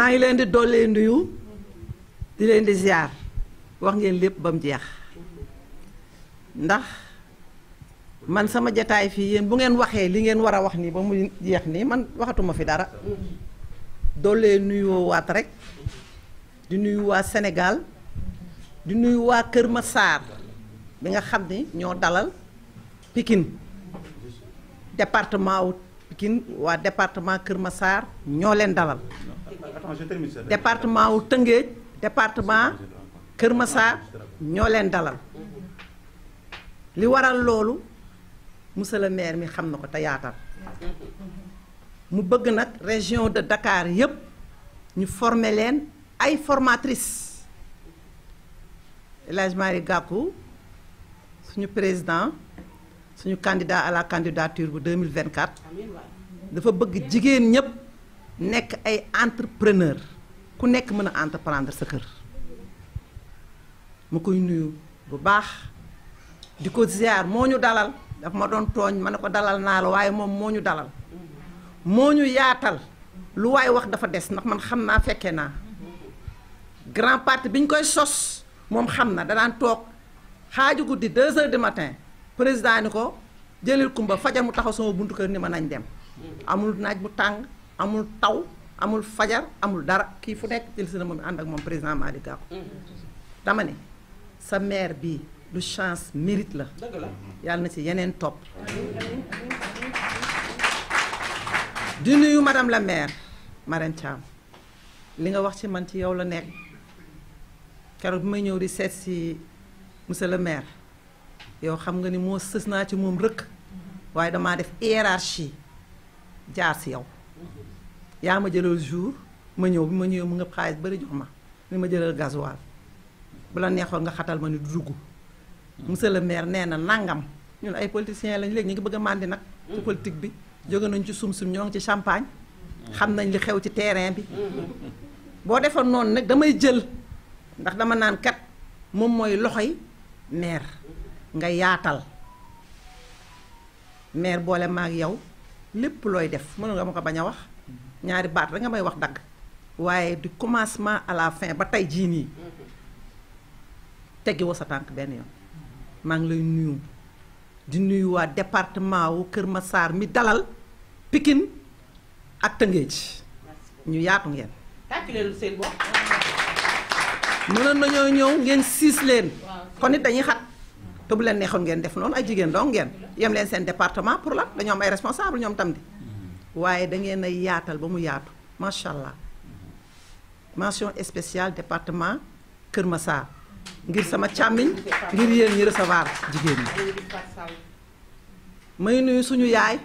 maa ngi leen di dollee nuyu di leen di ziar wax ngeen lépp bam jeex ndax man sama jataay fii yéen bu ngeen waxee li ngeen war a wax nii ba mu jeex nii man waxatuma fi dara dollee nuyoo rek di nuyu waa Sénégal di nuyu waa Kër Massar bi nga xam ni ñoo dalal Pikine département wu Pikine waa département Kër Massar ñoo leen dalal département wu Tëngéej département Kër Massar ñoo leen dalal li waral loolu monsieur le maire mi xam na ko te yaatal mu bëgg nag région de dakaar yépp ñu former leen ay formatrices El Hadj suñu président suñu candidat à la candidature bu 2024 dafa bëgg jigéen ñépp nekk ay entrepreneur ku nekk mën a entreprendre sa kër ma koy nuyu bu baax di ko ziar moo ñu dalal daf ma doon tooñ ma ne ko dalal naa la waaye moom moo ñu dalal moo ñu yaatal lu waaye wax dafa des ndax man xam naa fekkee naa grand parti bi ñu koy sos moom xam na danaan toog xaaju guddi 2 heures du matin président ni ko jëlil kumba fajal mu taxaw sama buntu kër ni ma nañ dem amul naaj bu tàng amul taw amul fajar amul dara kii fu nekk til si na moom ànd ak moom président Malick Gakou mm-hmm. dama ne sa maire bi du chance mérite la yàlla na ci yeneen topp di nuyu madame la maire Marème li nga wax ci man ci yow la nekk keroog bi may ñëw di seet si monsieur le maire yow xam nga ni moo sës naa ci moom rëkk waaye damaa def hiérarchie jaar si yow yaa ma jëlal jour ma ñëw bi ma ñëw mu nga xaalis bari jox ma ni ma jëlal gasoil bu la neexoon nga xatal ma ni du dugg monsieur le maire nee na nangam ñun ay politiciens lañu léegi ñu ngi bëgg a màndi nag ci mm-hmm. politique bi jóge nañ ci sum-sum ñoo ngi ci champagne mm-hmm. xam nañ li xew ci terrain bi mm-hmm. boo defoon noonu nag damay jël ndax dama naan kat moom mooy loxoy maire nga yaatal maire boole maag yow lépp looy def mënu nga ma ko bañ a wax ñaari baat rek nga may wax dag waye du commencement à la fin ba tay ji ni teggi wo sa tank ben yoon ma ngi lay nuyu di nuyu wa département wu ma sar mi dalal Pikine ak Tëngéej ñu yaatu ngeen mënoon nañu ñew ngeen siis leen kon nit dañuy xat te bu leen neexon ngeen def non ay jigen dong ngeen yam leen seen département pour la dañu am ay responsable ñom tam di waaye da ngeen a yaatal ba mu yaatu macha allah mention spéciale département Kër Massar ngir sama càmmiñ ngir yéen ñi recevoir jigéen ñi. may nuyu suñu yaay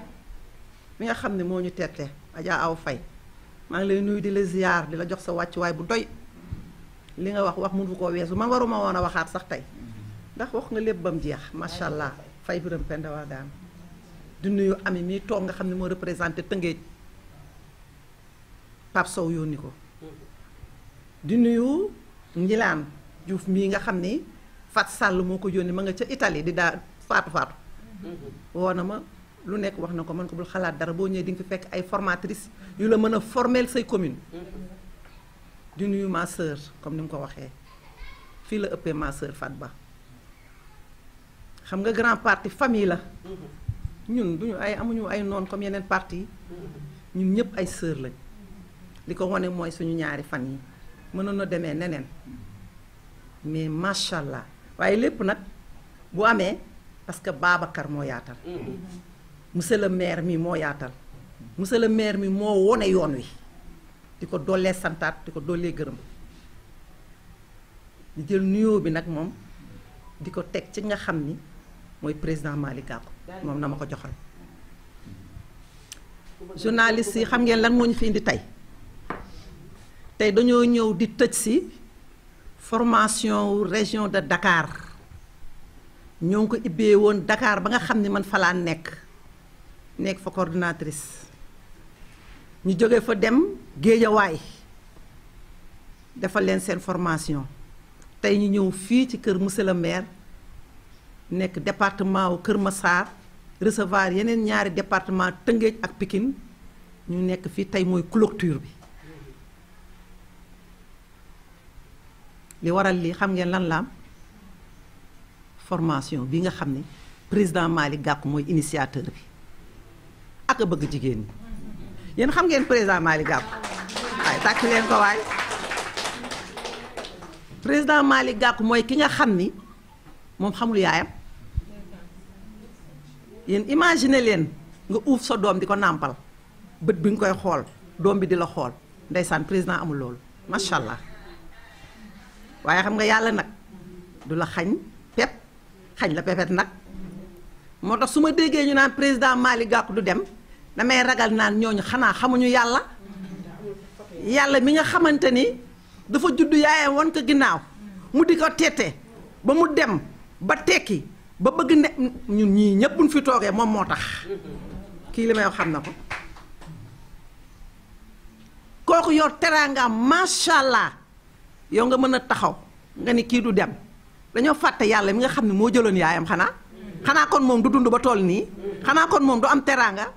mi nga xam ne moo ñu tette Adja Aw Fay maa ngi lay nuyu di la ziar di la jox sa wàccuwaay bu doy li nga wax wax mënu koo weesu ma waruma woon a waxaat sax tey ndax wax nga lépp ba mu jeex macha allah fay biram pendawaa daan di nuyu ami mi toog nga xam ne moo représenté Tëngéej Pape Sow yónni ko di nuyu Njilaan juuf mii nga xam ni Fat Sall moo ko yónni ma nga ca Italie di daal faatu faatu woo ma lu nekk wax na ko man ko bul xalaat dara boo ñëwee di nga fi fekk ay formatrice yu la mën a formel say commune di nuyu ma comme ni mu ko waxee fii la ëppee ma Fat Ba xam nga grand parti famille la ñun duñu ay amuñu ay noon comme yeneen parti ñun ñëpp ay sœur lañ li ko wane mooy suñu ñaari fan yi mënoon na demee neneen mais macha allah waaye lépp nag bu amee parce que Babacar moo yaatal. monsieur le maire mi moo yaatal. monsieur le maire mi moo wone yoon wi di ko doolee santaat di ko doolee gërëm di jël nuyoo bi nag moom di ko teg ci nga xam ni. mooy président Malick Gakou moom na ma ko joxal journaliste yi xam ngeen lan moo ñu fii di tey tey dañoo ñëw di tëj si formation wu région de dakaar ñoo ngi ko ibbee woon dakaar ba nga xam ne man falaan nekk nekk fa coordinatrice ñu jóge fa dem Géejawaay defal leen seen formation tey ñu ñëw fii ci kër monsieur le maire nekk département wu Kër Massar recevoir yeneen ñaari département Tëngéej ak pikin ñu nekk fii tey mooy clôture bi li waral lii xam ngeen lan laam formation bi nga xam ni président Malick Gakou mooy initiateur bi ak a bëgg jigéen ñi yéen xam ngeen président Malick Gakou waaye tàcc leen ko waay président Malick Gakou mooy ki nga xam ni moom xamul yaayam yéen imagine leen nga uuf sa doom di ko nàmpal bët bi nga koy xool doom bi di la xool ndeysaan président amul loolu macha allah waaye xam nga yàlla nag du la xañ pep xañ la pepet nag moo tax su ma déggee ñu naan président Malick Gakou du dem damay ragal naan ñooñu xanaa xamuñu yàlla yàlla mi nga xamante ni dafa judd yaayam won ko ginnaaw mu di ko teete ba mu dem ba tekki ba bëgg ne ñun ñi ñepp buñ fi toogee mom moo tax kii li may wax xam na ko kooku yor ma sha allah yo nga mëna taxaw nga ni ki du dem dañu fàtte yalla mi nga xam ne moo yaayam xana xana kon mom du dund ba toll ni xana kon mom du am teranga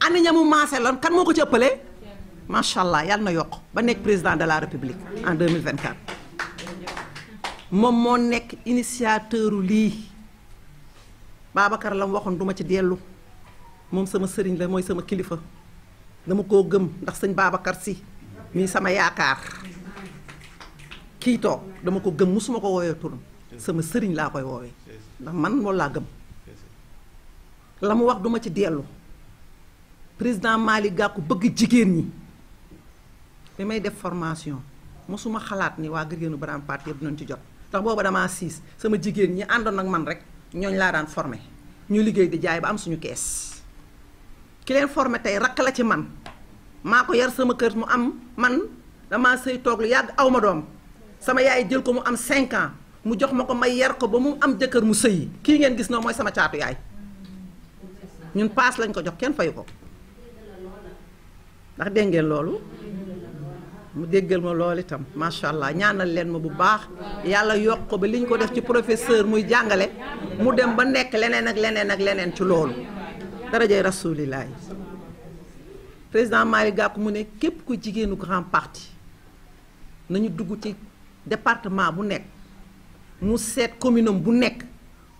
ani ñamu masé lon kan moko ci ëppalé ma sha allah yalla na yok ba nek président de la république en 2024 mom mo nek initiateur li babakar lam waxon duma ci delu mom sama serigne la moy sama kilifa dama ko gem ndax serigne babakar si mi sama yaakar ki to dama ko gem musuma ko woyo turam sama serigne la koy woowee ndax man mo la gem lam wax duma ci delu president Malick Gakou bëgg jigen ñi bi may def formation musuma xalaat ni wa gëgënu yéenu parti Faty ñu ci jot tax boba dama 6 sama jigen ñi andon ak man rek ñooñu laa daan formé ñu liggéey di jaay ba am suñu kees ki leen formé tey rakk la ci man maa ko yar sama kër mu am man dama sëy toog lu yàgg aw ma doom sama yaay jël ko mu am cinquant mu jox ma ko may yar ko ba mu am jëkkër mu sëyi kii ngeen gis na mooy sama caatu yaay ñun paas lañ ko jox kenn fayu ko ndax dégg ngeen loolu mu déggal ma lool itam macha allah ñaanal leen ma bu baax yàlla yokk bi ba li ñu ko def ci professeur muy jàngale mu dem ba nekk leneen ak leneen ak leneen ci loolu darajay rasulilaay président Malick Gakou mu ne képp ku jigéenu grand parti nañu dugg ci département bu nekk mu seet commune bu nekk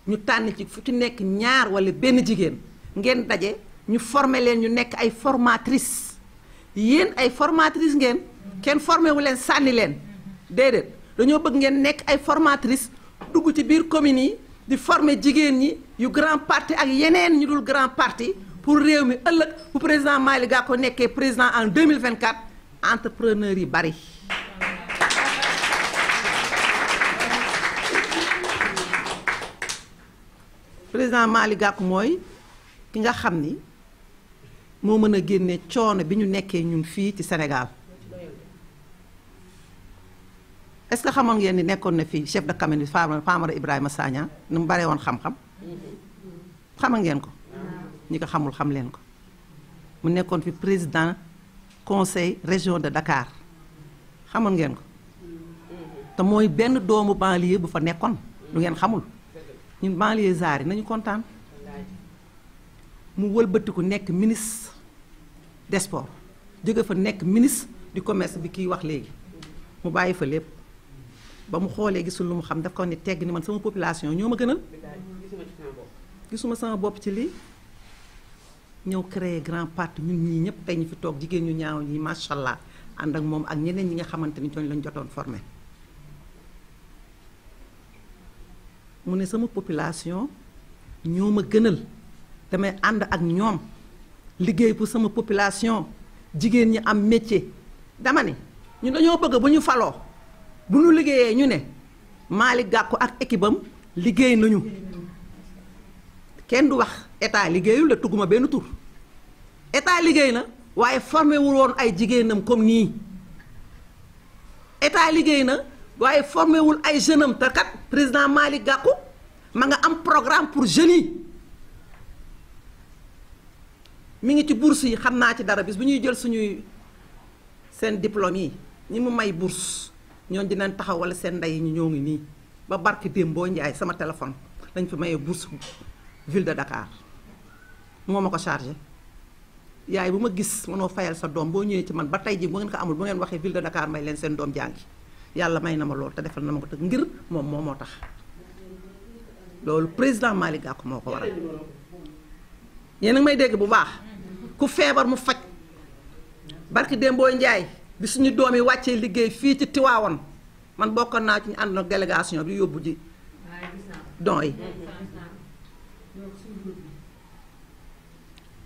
ñu tànn ci fu ci nekk ñaar wala benn jigéen ngeen daje ñu former leen ñu nekk ay formatrice yéen ay formatrice ngeen kenn formé wu leen sànni leen déedéet dañoo bëgg ngeen nek ay formatrice dugg ci biir commune di formé jigéen ñi yu grand parti ak yeneen ñu dul grand parti pour réew mi ëllëg bu président Malick Gakou nekkee président en 2024 entrepreneur yi bari président Malick Gakou mooy ki nga xam ni moo mën a génne coono bi ñu nekkee ñun fii ci Sénégal est-ce que xamoon ngeen ni nekkoon na fii chef de cabinet bi Famara Ibrahima Sagna nu mu bare woon xam-xam xamal ngeen ko ñi ko xamul xam leen ko mu nekkoon fi président conseil région de Dakar xamoon ngeen ko te mooy benn doomu banlieue bu fa nekkoon lu ngeen xamul ñun banlieue zaari nañu kontaan mu wëlbatiku nekk ministre des sports fa nekk ministre di commerce bi kiy wax léegi mu bàyyi fa lépp ba mu xoolee gisul lu mu xam daf ko ne tegg ni man sama population ñoo ma gënal. gisuma sama bopp ci lii. ñëw créer grand parti ñun ñii ñëpp tey ñu fi toog jigéen ñu ñaaw ñi macha allah ànd ak moom ak ñeneen ñi nga xamante ni coono lañ jotoon formé. mu ne sama population ñoo ma gënal damay ànd ak ñoom liggéey pour sama population jigéen ñi am métier dama ne ñun dañoo bëgg bu ñu faloo. bu ñu liggéeyee ñu ne Malick Gakou ak équipe liggéey nañu kenn du wax état liggéeyul la tugguma benn tur état liggéey na waaye formé wul woon ay jigéenam comme nii état liggéey na waaye formé ay jeunes am te président Malick Gakou ma nga am programme pour jeunes yi mi ngi ci bourse yi xam naa ci dara bis bu ñuy jël suñuy seen diplôme yi ñi mu may bourse ñooñ dinañ taxaw wala seen ndey ñu ñoo ngi nii ba barki démb boo njaay sama téléphone lañ fi mayee bourse ville de dakaar moo ma ko chargé yaay bu ma gis mënoo fayal sa doom boo ñëwee ci man ba tey ji bu ngeen ko amul bu ngeen waxee ville de Dakar may leen seen doom jàngi yàlla may na ma loolu te defal na ma ko teg ngir moom moo moo tax loolu président Malick Gakou moo ko waral yéen a may dégg bu baax ku feebar mu faj barki démboo njaay bi suñu doom yi wàccee liggéey fii ci Tiwaawan man bokkoon naa ci ñu ànd ak délégation bi yóbbu ji don yi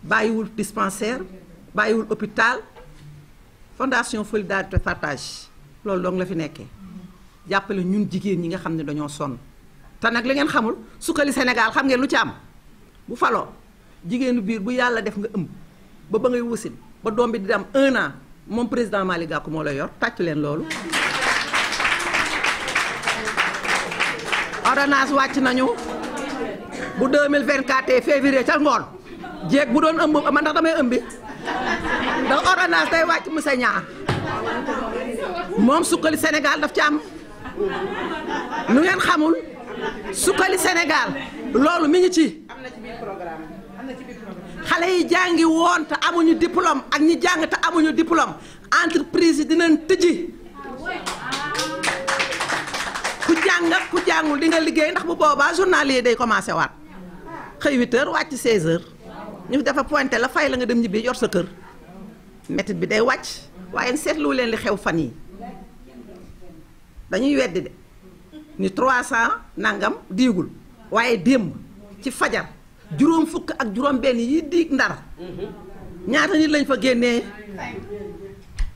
bàyyiwul dispensaire bàyyiwul hôpital fondation Solidarité Partage loolu dong la fi nekkee jàppale ñun jigéen ñi nga xam ne dañoo sonn te nag li ngeen xamul sukkali Sénégal xam ngeen lu ci am bu faloo jigéenu biir bu yàlla def nga ëmb ba ba ngay wasin ba doom bi di am un moom président mali Gakou moo la yor tàccu leen loolu. ordonnance wàcc nañu bu 2024 février ca ngoon jéeg bu doon ëmb man ndax damay ëmbi ndax ordonnance day wàcc mu sa ñaar moom sukkali senegal daf ci am lu ngeen xamul sukkali Sénégal loolu mi ngi ci. am na ci xale yi jàngi woon te amuñu diplôme ak ñi jàng te amuñu diplôme entreprise yi dinañ tëji ku jàng ku jàngul di nga liggéey ndax bu boobaa journal yi day commencé waat xëy 8 heures wàcc 16 ñu dafa pointé la fay la nga dem ñibbi yor sa kër métit bi day wàcc waaye seetlu leen li xew fan yi dañuy weddi de ni 300 nangam diigul waaye démb ci fajar. juróom fukk ak juróom benn yi di ndar ñaata nit lañ fa génnee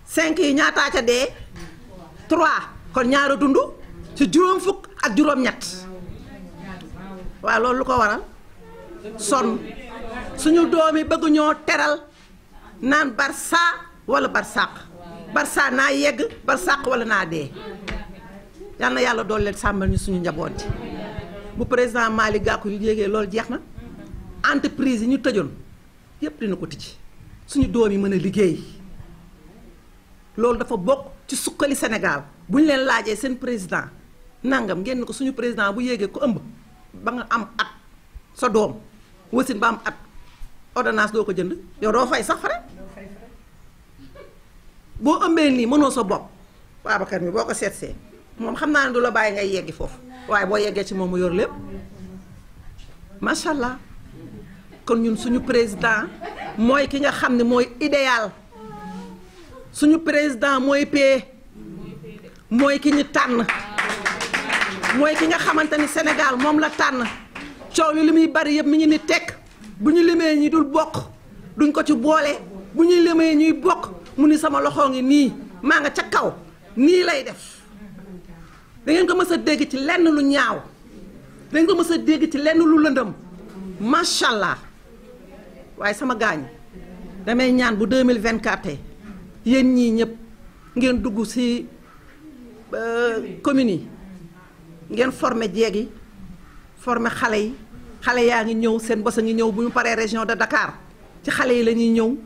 cinq yi ñaataa ca dee trois kon ñaara dund ci juróom fukk ak juróom ñett waaw loolu lu ko waral sonn suñu doom yi bëgg ñoo teral naan barsa wala barsàq barsa naa yegg barsàq wala naa dee yal na yàlla dooleel sàmbal ñu suñu njaboot bu président Malick yu yéegee loolu jeex na entreprise yi ñu tëjoon yépp dina ko tijji suñu doom yi mën a liggéey loolu dafa bokk ci sukkali Sénégal bu ñu leen laajee seen président nangam ngeen ko suñu président bu yéegee ko ëmb ba nga am at sa doom wasin ba am at ordonnance doo ko jënd yow doo fay sax fare boo ëmbee nii mënoo sa bopp Babacar mi boo ko seetsee moom xam naa ne du la bàyyi ngay yeggi foofu waaye boo yeggee ci moom mu yor lépp allah. kon ñun suñu président moy ki nga xam moy idéal suñu président moy pee moy ki ñu tan moy ki nga xamanteni Sénégal mom la tan ciow li limuy bari yeb mi ngi ni tek buñu limé ñi dul bok duñ ko ci bolé buñu limé ñuy bok mu ni sama loxo ngi ni ma nga ca kaw ni lay def da ngeen ko mësa dégg ci lenn lu ñaaw da ngeen ko mësa dégg ci lenn lu lëndëm macha allah waaye sama gaañ damay ñaan bu 2024 yéen ñii ñëpp ngeen dugg ci euh, communes yi ngeen former jeeg yi former xale yi xale yaa ngi ñëw seen bos a ngi ñëw bu ñu paree région de Dakar ci xale yi la ñuy ñëw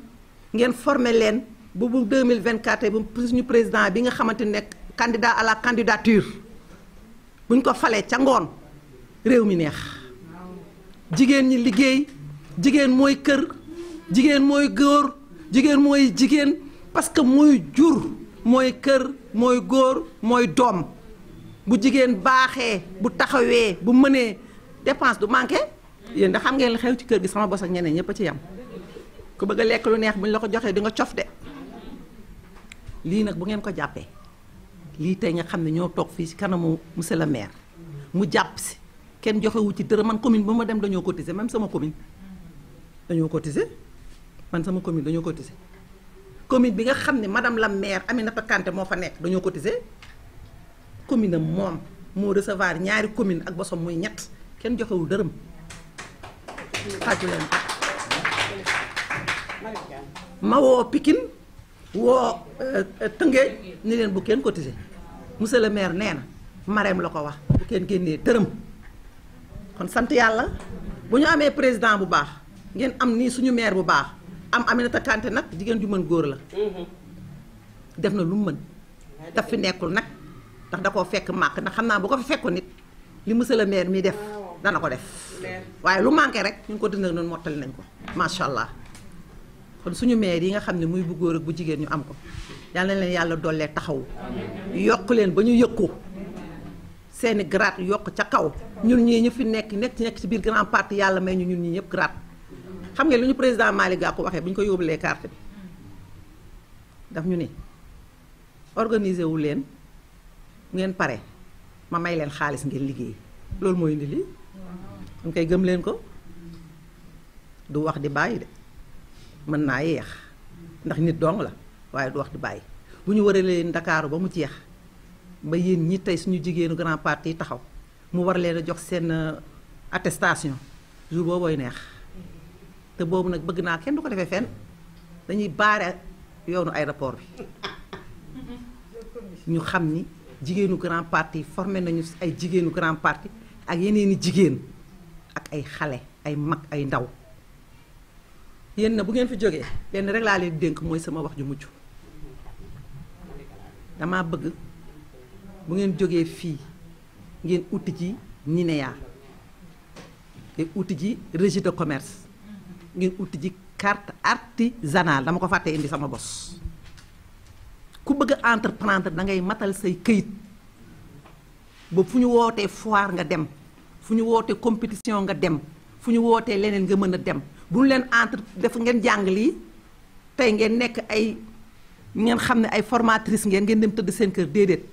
ngeen former leen bu bu 2024 bu suñu président bi nga xamante ne candidat à la candidature buñ ko falee ca ngoon réew mi neex jigéen ñi liggéey. Jigen mooy kër jigen mooy góor jigen mooy jigen parce que mooy jur mooy kër mooy góor mooy doom bu jigen baaxee bu taxawee bu mënee dépense du manqué yéen da xam ngeen xew ci kër gi sama bos ak ñeneen ñëpp ci yam ku bëgg a lekk lu neex buñ la ko joxee di nga cof de lii nag bu ngeen ko jàppee lii tey nga xam ne ñoo toog fii ci kanamu monsieur le maire mu jàpp si kenn joxewu ci dërëm man commune ba ma dem dañoo cotiser même sama commune dañoo cotiser man sama commune dañoo cotiser commune bi nga xam ne madame la maire Aminata Kanté moo fa nekk dañoo cotiser commune am moom moo recevoir ñaari commune ak bosom muy ñett kenn joxewul dërëm xaaju leen ma woo Pikine woo euh, euh, Tëngéej ni leen bu kenn cotiser monsieur le maire nee na Marème la ko wax bu kenn génnee dërëm kon sant yàlla bu ñu amee président bu baax ngeen am nii suñu maire bu baax am Aminata Kanté nag jigéen ju mën góor la. Mm-hmm. def na lu mu mën. daf fi nekkul nag ndax da koo fekk màkk ndax xam naa bu ko fi fekkoon nit li monsieur le maire mi def dana ko def. waaye lu manqué rek ñu ngi ko dëndal noonu mottali nañ ko. macha allah kon suñu maire yi nga xam ne muy bu góor ak bu jigéen ñu am ko yàlla na leen yàlla dollee taxaw yokk leen ba ñu yëg ko seeni grade yokk ca kaw ñun ñii ñu fi nekk nekk ci nekk ci biir grand parti yàlla may ñu ñun ñii ñëpp grade. xam ngeen lu ñu président Malick ko waxee bu ñu ko yóbbulee carte bi daf ñu ne organiser wu leen ngeen pare ma may leen xaalis ngeen liggéey loolu mooy indi lii dañ koy gëm leen ko du wax di bàyyi de mën naa yeex ndax nit dong la waaye du wax di bàyyi bu ñu waree leen Ndakaaru ba mu jeex ba yéen ñi tey suñu jigéenu grand parti taxaw mu war leen a jox seen euh, attestation jour boobooy neex te boobu nag bëgg naa kenn du ko defee fenn dañuy baare yoonu aéroport bi ñu xam ni jigéenu grand parti formé nañu ay jigéenu grand parti ak yeneeni jigéen ak ay xale ay mag ay ndaw yéen na bu ngeen fi jógee lenn rek laa leen dénk mooy sama wax ju mujj dama bëgg bu ngeen jógee fii ngeen uti ji NINEA ngeen uti ji registre de commerce ngir uti ji carte artisanale dama ko faté indi sama boss ku bëgg a entreprendre da ngay matal say këyit bo fuñu woté foire nga dem fuñu woté compétition nga dem fuñu woté lenen nga mëna dem buñ len entre def ngeen jang li tay ngeen nek ay ngeen xamné ay formatrice ngeen ngeen dem tëdd seen kër dedet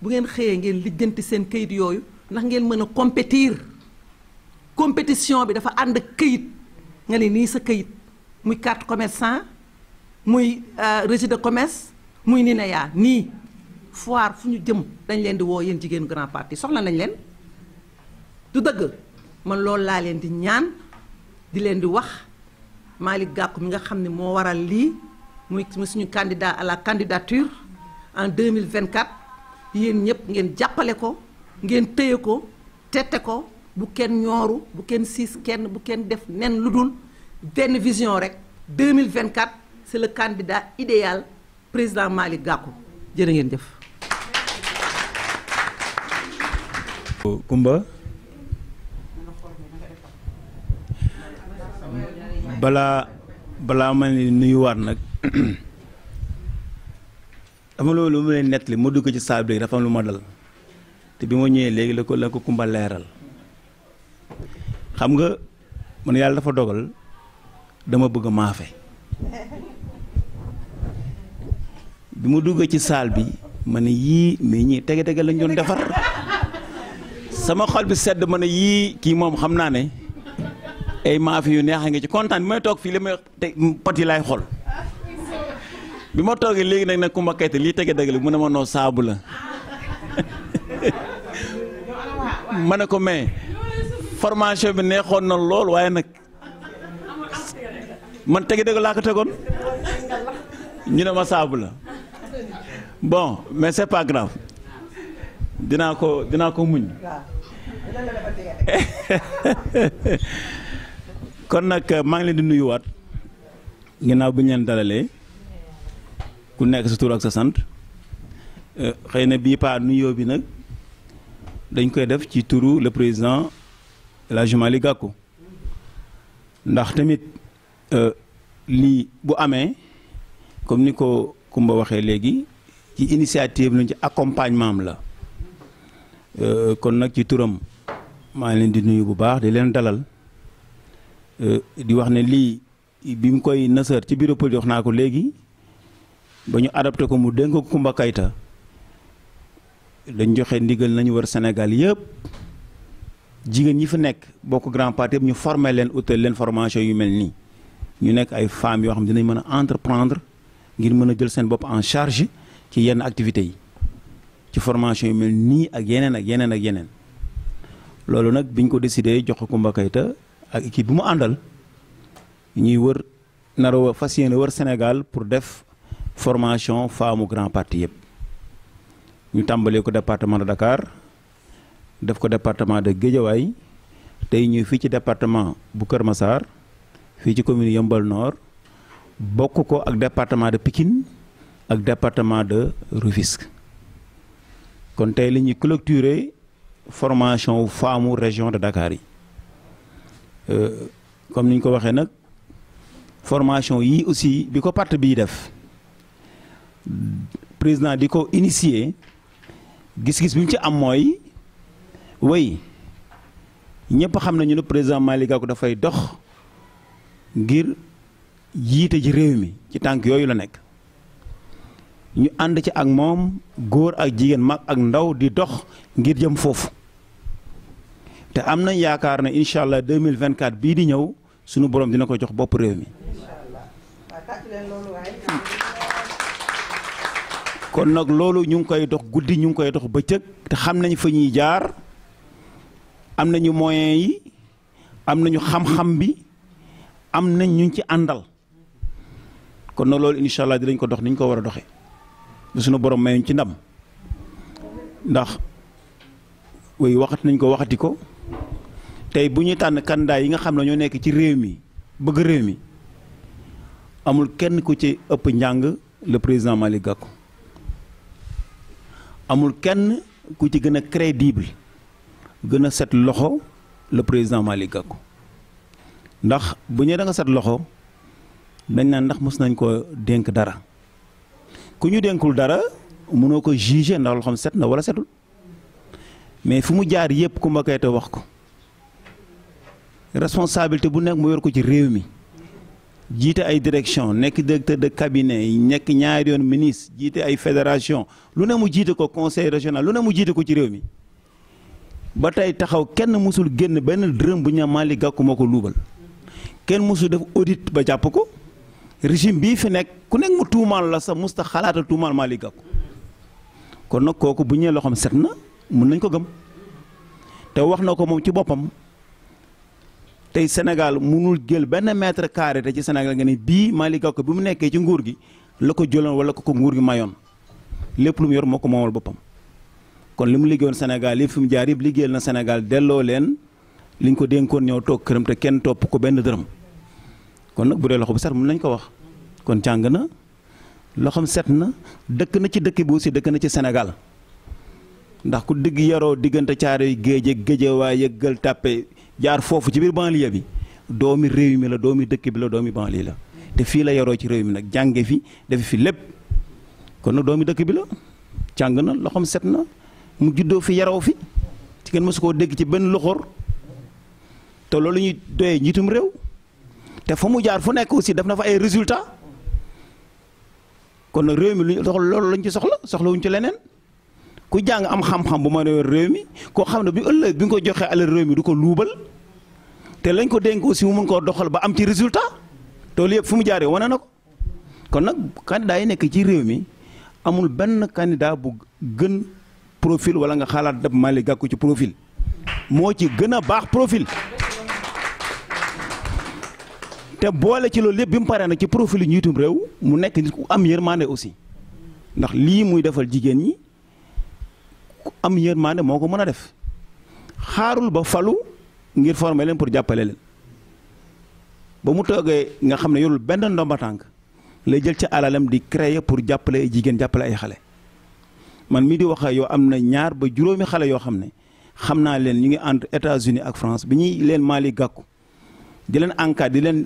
bu ngeen xeye ngeen lijeenti seen këyit yoyu ndax ngeen mëna compétir compétition bi dafa and ak nga ni sa këyit muy carte commerçant muy euh, registre de commerce muy ni na ni foire fu jëm dañ leen di wo yeen jigéenu grand parti soxla nañ leen du deug man loolu la leen di ñaan di leen di wax malik Gakou mi nga xamni mo waral li muy suñu candidat à la candidature en 2024 yeen ñep ngeen jappalé ko ngeen teyé ko tété ko bu kenn ñooru bu kenn siis kenn bu kenn def nen lu dul vision rek 2024 c'est le candidat idéal président Malick Gakou jërë ngeen Kumba Bala balaa ma ne nuyuwaat nag dama loolu lu mu leen nettali ma dugg ci sable bi dafa am lu ma dal te bima ma légui la ko la ko Kumba leeral. xam nga man yàlla dafa dogal dama bëgg a maafe bi mu duggee ci saal bi ma ne yii mais ñii tege tege lañ doon defar sama xol bi sedd ma ne yii kii moom xam naa ne ay maafe yu neex a ngi ci kontaan bi may toog fii li may te pot yi laay xool bi ma toogee léegi nag nag ku ma kayte lii tege dëgg la mu ne ma noo saabu la ma ne ko mais formation bi neexoon na lool waaye nag man tege dëgg laa ko tegoon ñu ne ma saabu la bon mais c'est pas dinaa ko dinaa ko muñ kon nag euh, maa ngi leen di nuyuwaat ginnaaw bi ñu leen dalalee ku nekk sa tur ak sa sant euh, xëy na bii paa nuyoo bi nag dañ koy def ci turu le président El Hadj Malick ndax tamit euh, lii bu amee comme ni ko Kumba waxee léegi ci initiative lañ ci accompagnement am la euh, kon nag ci turam maa ngi leen di nuyu bu baax di leen dalal euh, di wax ne lii bi mu koy nësër ci bureau politique wax naa ko léegi ba ñu adopté ko mu dénk ko Kumba Kayta dañ joxe ndigal nañu war Sénégal yëpp. jigen yi fi nek bokk grand parti ñu former len utal leen formation yu melni ñu nek ay femmes yoo xam ne dinañ mëna entreprendre ngir mëna jël sen bop en charge ci yenn activité yi ci formation yu melni ak yenen ak yenen ak yenen lolu nak biñ ko décidé jox ko mbakayta ak équipe bu mu àndal ñuy wër nara fas wër Sénégal pour def formation faamu grand parti yeb ñu tambalé ko département de Dakar def ko département de Guédiawaye tay ñu fi ci département bu Kër Massar fii ci commune Yombol Nord bokk ko département de Pikine ak département de Rufisque kon tay la ñuy clôturer formation faamu région de Dakar euh, comme nous l'avons ko waxé formation yi aussi partie ko part bi def président a initié initier gis-gis buñ ci am way ñëpp xam nañu ne président Malick Gakou dafay dox ngir jiite ji réew mi ci tànk yooyu la nekk ñu ànd ci ak moom góor ak jigéen mag ak ndaw di dox ngir jëm foofu te am nañ yaakaar ne incha allah 2024 bii di ñëw sunu borom dina ko jox bopp réew mi. kon nag loolu ñu ngi koy dox guddi ñu ngi koy dox bëccëg te xam nañu fa ñuy jaar. am nañu moyens yi am nañu xam-xam bi am nañ ñu ci àndal kon na loolu incha allah dinañ ko dox ni ko war a doxee sunu suñu borom mayuñ ci ndam ndax way waxat nañ ko waxati ko tey bu ñuy tànn kandidat yi nga xam ne ñoo nekk ci réew mi bëgg réew mi amul kenn ku ci ëpp njàng le président Malick Gakou amul kenn ku ci gën a crédible gëna set loxo le président Malick Gakou ndax bu ñëwee da nga set loxo dañ naan ndax vous nañ ko dénk dara ku ñu dénkul dara mëno ko juger ndax loxom set na wala setul mais fu mu jaar ku Coumba Keïta wax ko responsabilité bu nekk mu yor ko ci réew mi jiite ay direction nekk directeur de cabinet nekk ñaari yoon ministre jiite ay fédération lu ne mu jiite ko conseil régional lu ne mu jiite ko ci réew mi ba tey taxaw kenn mësul génn benn dërëm bu ñu Malick Gakou moo ko luubal kenn mësul def audit ba jàpp ko régime bii fi nekk ku nekk mu tuumaal la sa musta xalaata tuumaal Malick Gakou kon nag kooku bu ñee loxoom set na mun nañ ko gëm te wax na ko moom ci boppam tey Sénégal munul jël benn mètre carré te ci Sénégal nga ne bii Malick Gakou bi mu nekkee ci nguur gi la ko jëloon wala ko ko nguur gi mayoon lépp lu mu yor moo ko moomal boppam kon li mu liggéeyoon Sénégal yi fi jaar yëpp liggéeyal na Sénégal delloo leen liñ ko dénkoon ñëw toog këram te kenn topp ko benn dërëm kon nag bu dee loxo bu set mun nañ ko wax kon càng na loxoom set na dëkk na ci dëkk bi aussi dëkk na ci Sénégal ndax ku digg yaroo diggante caare yu géej ak géejewaay yëggal tàppe jaar foofu ci biir banlieue bi doomi réew mi la doomi dëkk bi la doomi banlieue la te fii la yaroo ci réew mi nag jànge fi def fi lépp kon nag doomi dëkk bi la càng na loxoom set na mu juddoo fi yaroo fi ci kenn mësu koo dégg ci benn loxoor te loolu ñu doyee njiitum réew te fa mu jaar fu nekk aussi def na fa ay résultats réew mi lu loolu lañ ci soxla soxlawuñ ci leneen ku jàng am xam bu ma ne réew mi koo xam ne bi ëllëg bi ko joxee alal réew mi du ko luubal te ko dénk aussi mu mën koo doxal ba am ci résultat loolu yëpp fu mu jaaree wane na ko kon nag candidat nekk ci réew mi amul benn candidat bu gën. profil wala nga xalaat dab Malick Gakou ci profil moo ci gën a baax profil te boole ci loolu lépp bi mu paree nag ci profil yi njiitum réew mu nekk nit ku am yërmande aussi ndax lii muy defal jigéen ñi ku am yërmande moo ko mën a def xaarul ba falu ngir former leen pour jàppale leen ba mu toogee nga xam ne yorul benn ndomba tànk lay jël ca alalam di créer pour jàppale ay jigéen jàppale ay xale. man mii di wax ak yow am na ñaar ba juróomi xale yoo xam ne xam naa leen ñu ngi entre États-Unis ak France bi ñuy leen maali gàkku di leen ANCAR di leen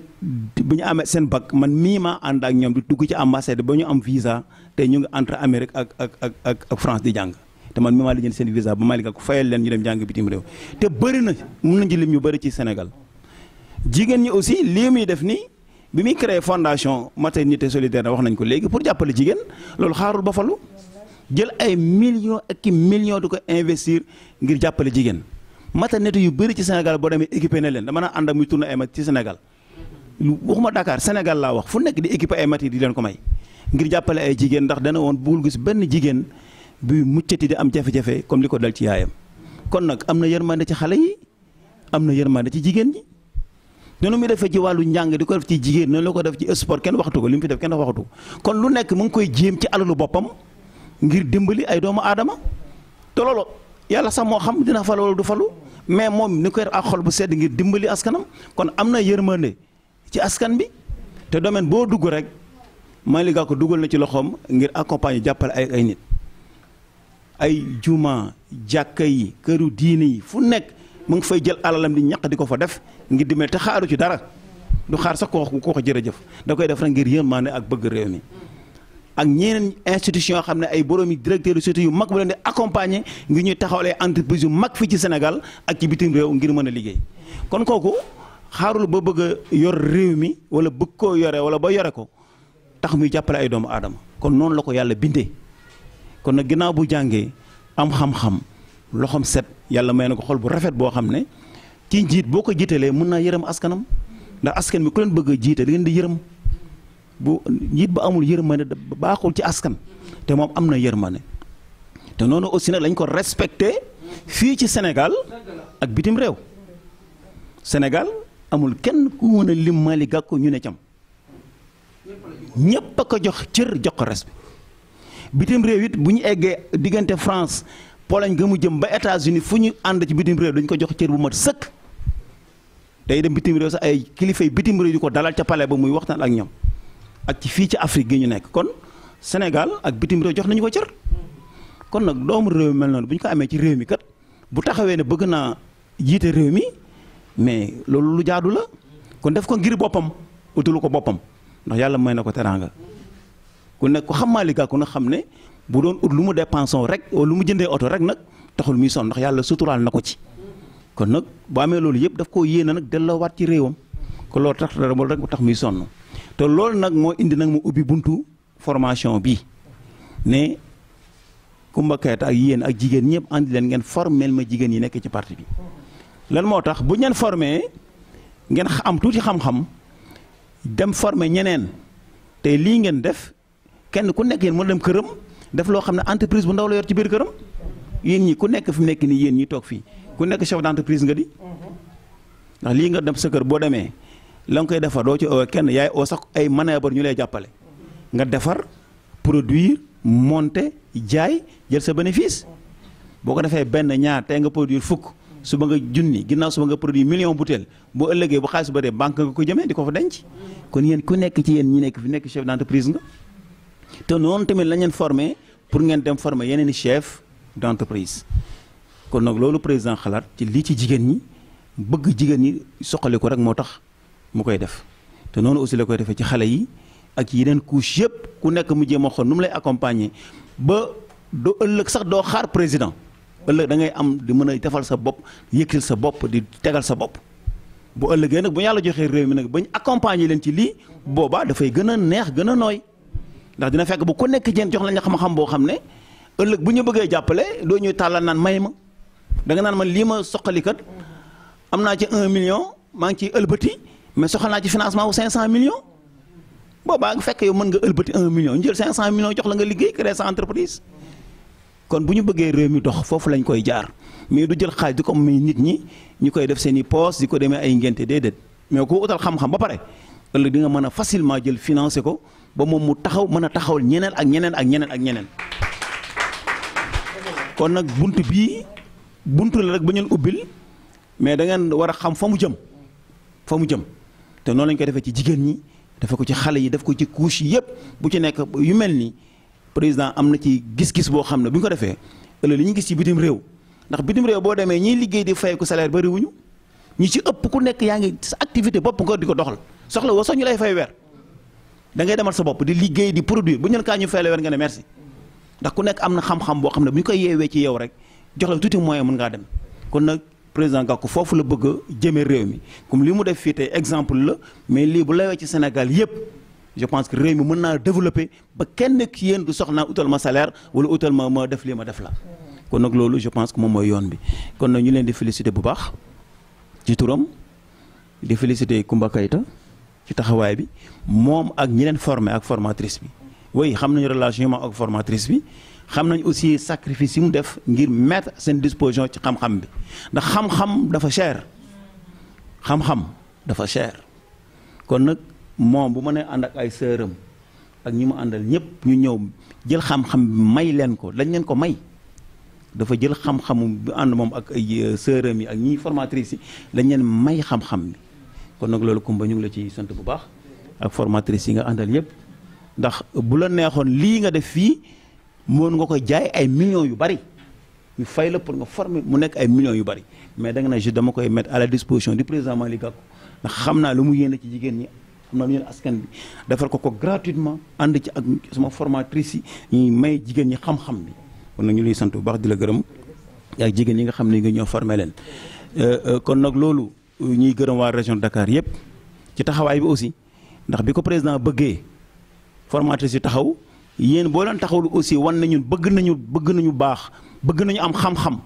bi ñu amee seen bac man mii maa ànd ak ñoom di dugg ci am ambassade ba ñu am visa te ñu ngi entre Amérique ak ak ak ak France di jàng te man mii maa leen jël seen visa ba Mali gàkku fayal leen ñu dem jàng bitim réew te bëri na mun nañu lim ñu bëri ci Sénégal jigéen ñi aussi lii muy def nii. bi muy créé fondation maternité solidaire wax nañ ko léegi pour jàppale jigéen loolu xaarul ba jël ay million, ak million du ko investir ngir jigen mata netu yu bari ci Sénégal bo demé équipé na len dama na and ak muy tourné ay mat ci Sénégal waxuma Dakar Sénégal la wax fu nek di équipé ay mat di len ko may ngir jappalé ay jigen ndax dana won bugul gis ben jigen bu muccati di am jafé jafé comme liko dal ci yaayam kon nak amna yermane ci xalé yi amna na ci jigen ñi noonu mi defé ci walu ñang di ko def ci jigen noonu lako def ci sport ken waxtu ko lim fi def ken waxatu kon lu nek mu ngi koy jëm ci alalu bopam ngir dimbali ay doomu aadama te yàlla sax moo xam dina falu wala du falu mais moom ni ko yor ak xol bu sedd ngir dimbali askanam kon am na yërmande ci askan bi te domaine boo dugg rek Malick ko dugal na ci loxoom ngir accompagner jàppale ay ay nit ay juma jàkka yi këru diine yi fu nekk mu ngi fay jël alalam di ñaq di ko fa def ngir dimbali te xaaru ci dara du xaar sax koo ko ko jërëjëf da koy def rek ngir yërmande ak bëgg réew mi. ak ñeneen institution yoo xam ne ay boromi directeur surtout yu mag bu leen di accompagner ngir ñuy taxawalee entreprise yu mag fii ci Sénégal ak ci bitim réew ngir mën a liggéey kon kooku xaarul ba bëgg yor réew mi wala bëgg koo yore wala ba yore ko tax muy jàppale ay doomu aadama kon noonu la ko yàlla bindee kon nag ginnaaw bu jàngee am xam-xam loxom set yàlla may na ko xol bu rafet boo xam ne ci njiit boo ko jiitalee mën naa yërëm askanam ndax askan bi ku leen bëgg a da ngeen di yërëm. bu yit ba amul yërmande baaxul ci askan te moom am na yërmande te noonu aussi nag lañ ko respecté fii ci Sénégal ak bitim réew Sénégal amul kenn ku mën a lim Malick Gakou ñu ne cam ñépp a ko jox cër jox ko respect bitim réew it bu ñu eggee diggante France Pologne ga mu jëm ba États-Unis fu ñu ànd ci bitim réew dañ ko jox cër bu mat sëkk day dem bitim réew sax ay kilifay bitim réew di ko dalal ca palais ba muy waxtaan ak ñoom ak ci fii ci Afrique gi ñu nekk kon Sénégal ak bitim réew jox nañu ko cër kon nag doomu réew mi mel noonu bu ñu ko amee ci réew mi kat bu taxawee ne bëgg naa jiite réew mi mais loolu lu jaadu la kon def ko ngir boppam utulu ko boppam ndax yàlla may na ko teraanga ku nekk ku xam Malick Gakou na xam ne bu doon ut lu mu dépensé rek lu mu jëndee oto rek nag taxul muy sonn ndax yàlla suturaal na ko ci kon nag bu amee loolu yëpp daf koo yéene nag delloowaat ci réewam kon loolu tax dara rek tax muy sonn. te lol nag mo indi nak mo ubi buntu formation bi ne ku Keita ak yeen ak jigen ñep andi len ngeen formel ma jigen yi nek ci parti bi. lan motax bu ñen formé ngeen am tuti xam-xam dem formé ñeneen te li ngeen def kenn ku nek yeen mo dem kërëm def lo xamne entreprise bu ndaw la yor ci biir kërëm yeen ñi ku nek fi nek ni yeen ñi tok fi ku nek chef d'entreprise nga di. Mhm. ndax li nga dem sa kër bo démé la nga koy defar doo ci oo kenn yaay oo sax ay manœuvre ñu lay jàppale nga defar produire monter jaay jël sa bénéfice boo ko defee benn ñaar tey nga produire fukk su ba nga junni ginnaaw su ba nga produire million butéel bu ëllëgee bu xaalis ba dee banque nga ko jëmee di ko fa denc kon yéen ku nekk ci yéen ñi nekk fi nekk chef d'entreprise nga te noonu tamit lañ leen formé pour ngeen dem forme yeneen i chef d'entreprise kon nag loolu président xalaat ci lii ci jigéen ñi bëgg jigéen ñi soqali ko rek moo tax mu koy def te noonu aussi la koy defee ci xale yi ak yeneen couche yëpp ku nekk mu jéem a nu mu lay accompagner ba doo ëllëg sax doo xaar président ëllëg da ngay am di mën a defal sa bopp yëkkil sa bopp di tegal sa bopp bu ëllëgee nag bu yàlla joxee réew mi nag bañ accompagner leen ci lii booba dafay gën a neex gën a nooy ndax dina fekk bu ku nekk jeen jox lañ xam-xam boo xam ne ëllëg bu ñu bëggee jàppale doo ñuy tàllal naan may ma danga naan man lii ma soqalikat am million maa ngi ciy mais soxal naa ci financement wu 500 millions boobaa nga fekk yow meun nga eulbeuti 1 million jël 500 millions jox la nga liggéey créer sa entreprise kon buñu bëggé réew mi dox fofu lañ koy jaar mais du jël xaj du ko may nit ñi ñukoy def seeni poste diko démé ay ngenté déedéet mais ko utal xam-xam ba paré ëllëg di nga mëna facilement jël financer ko ba mom mu taxaw mëna a taxawal ñeneen ak ñeneen ak ñeneen ak ñeneen kon nak buntu bi buntu la rek ba ubil mais da ngeen wara xam famu jëm famu jëm te noonu lañ koy defee ci jigéen ñi dafa ko ci xale yi def ko ci couche yëpp bu ci nekk yu mel ni président am na ci gis-gis boo xam ne bu ñu ko defee ëllëg li ñu gis ci bitim réew ndax bitim réew boo demee ñiy liggéey di fay ko salaire bari wuñu ñi ci ëpp ku nekk yaa ngi sa activité bopp nga di ko doxal soxla woo sax ñu lay fay weer da ngay demal sa bopp di liggéey di produit bu ñu leen kaa ñu fay la weer nga ne merci ndax ku nekk am na xam-xam boo xam ne bu ñu koy yeewee ci yow rek jox tuuti moyen mën ngaa dem président Gakou fofu le bëgg a jëmee réew mi comme li def fii exemple la mais li bu lawee ci Sénégal yep, je pense que réew mi mën développer ba kenn ki yéen du soxna utal ma salaire wala utal ma ma def li ma def la kon nak lolu je pense que mom moy yoon bi kon nag ñu leen di féliciter bu baax ci turam di féliciter Koumba Kayta ci taxaway bi mom ak ñeneen formé ak formatrice bi oui xam nañu relation ma ak formatrice bi xam nañ aussi sacrifice yu mu def ngir mettre seen disposion ci xam-xam bi ndax xam-xam dafa chair xam-xam dafa cher kon nag moom bu ma nee ànd ak ay sëram ak ñi mu àndal ñëpp ñu ñëw jël xam-xam may leen ko lañ leen ko may dafa jël xam ànd moom ak ay euh, sëram yi ak ñi formatrice yi lañ leen may xam bi kon nag loolu Kumba ñu la ci sant bu baax ak formatrice yi nga àndal ñëpp ndax bu la neexoon lii nga def fii mën nga ko jaay ay millions yu bari ñu fay la pour nga former mu nekk ay millions yu bari mais da nga ne je dama koy mettre à la disposition du président Malick Gakou ndax xam naa lu mu yéene ci jigéen ñi xam naa askan bi defal ko ko gratuitement ànd ci ak sama formatrice yi ñuy may jigéen ñi xam-xam bi kon nag ñu lay sant bu baax di la gërëm ak jigéen yi nga xam ne nga ñoo formé leen euh, euh, kon nag loolu euh, ñuy gërëm waa région de Dakar yëpp ci taxawaay bi aussi ndax bi ko président bëggee formatrice yi taxaw yéen boo leen taxawul aussi wan nañu bëgg nañu bëgg nañu baax bëgg nañu am xam-xam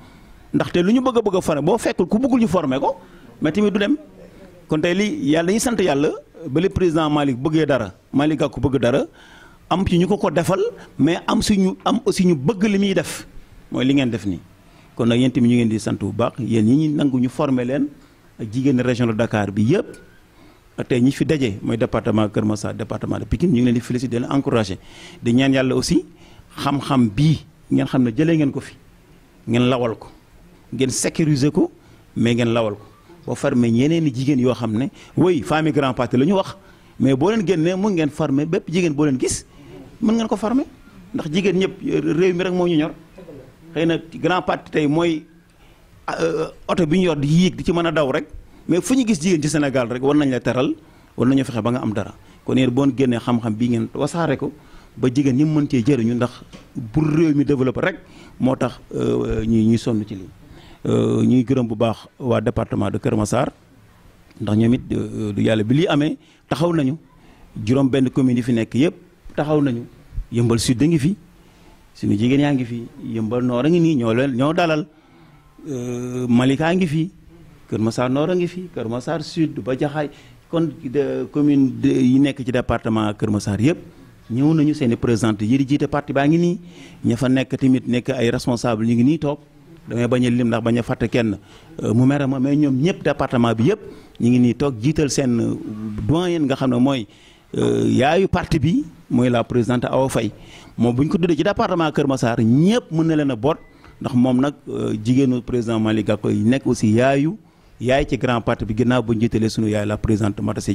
ndaxte lu ñu bëgg a bëgg a former boo fekkul ku bëggul ñu former ko mais mi du dem kon tey lii yàlla dañuy sant yàlla ba li président Malick bëggee dara Malick Gakou bëgg dara am ci ñu ko ko defal mais am ñu am aussi ñu bëgg li muy def mooy li ngeen def nii kon nag yéen tamit ñu ngeen di sant bu baax yéen ñi ñu nangu ñu former leen ak jigéen région de Dakar bi yëpp. ak euh, tay ñi fi dajé moy département Kër Massa département de Pikine ñu ngi leen di féliciter di leen encourager di ñaan Yalla aussi xam-xam bi ngeen xam ne jëlee ngeen ko fi ngeen lawal ko ngeen sécuriser ko mais ngeen lawal ko bo farmé ñeneen jigen yo yoo xam ne woy famille grand parti lañu wax mais bo leen génnee mun ngeen farmé bép jigen bo leen gis mën ngeen ko farmé ndax jigen ñëpp euh, réew mi rek mo ñu ñor xeyna grand parti tay moy auto euh, bi ñu yor di yik di ci mëna daw rek mais fu ñu gis jigéen ci Sénégal rek war nañ la teral war nañu fexe ba nga am dara kon yéen boo génnee xam-xam bii ngeen wasaare ko ba jigéen ñi mën cee jëriñu ndax pour réew mi développé rek moo tax ñuy euh, ñuy sonn ci lii. Euh, ñuy gërëm bu baax waa département de Kër Massar ndax ñoom it euh, du yàlla bi lii amee taxaw nañu juróom benn commune yi fi nekk yëpp taxaw nañu yëmbal sud a ngi fi suñu jigéen yaa ngi fi yëmbal noor a ngi nii ñoo leen ñoo dalal Malika a ngi fi. Kër Massar Nord ngi fi Kër Massar Sud ba jaxay kon commune yi nek ci département Kër Massar yeb ñew nañu seen i présidente yi di jité parti ba ngi ni ña fa nek timit nek ay responsable ñi ngi ni tok da bañ a lim ndax baña a kenn euh, mu mère ma mais ñom ñep département bi yeb ñi ngi ni tok jital seen doyen nga xamne moy euh, yaayu parti bi moy la présidente awo fay mo buñ ko tuddee ci département Kër Massar ñëpp mën na leen a boot ndax mom nak euh, jigéenu président nek aussi yaayu yaay ci grand parti bi ginnaaw bu ñu jiitalee sunu yaay la présidente Mata Sy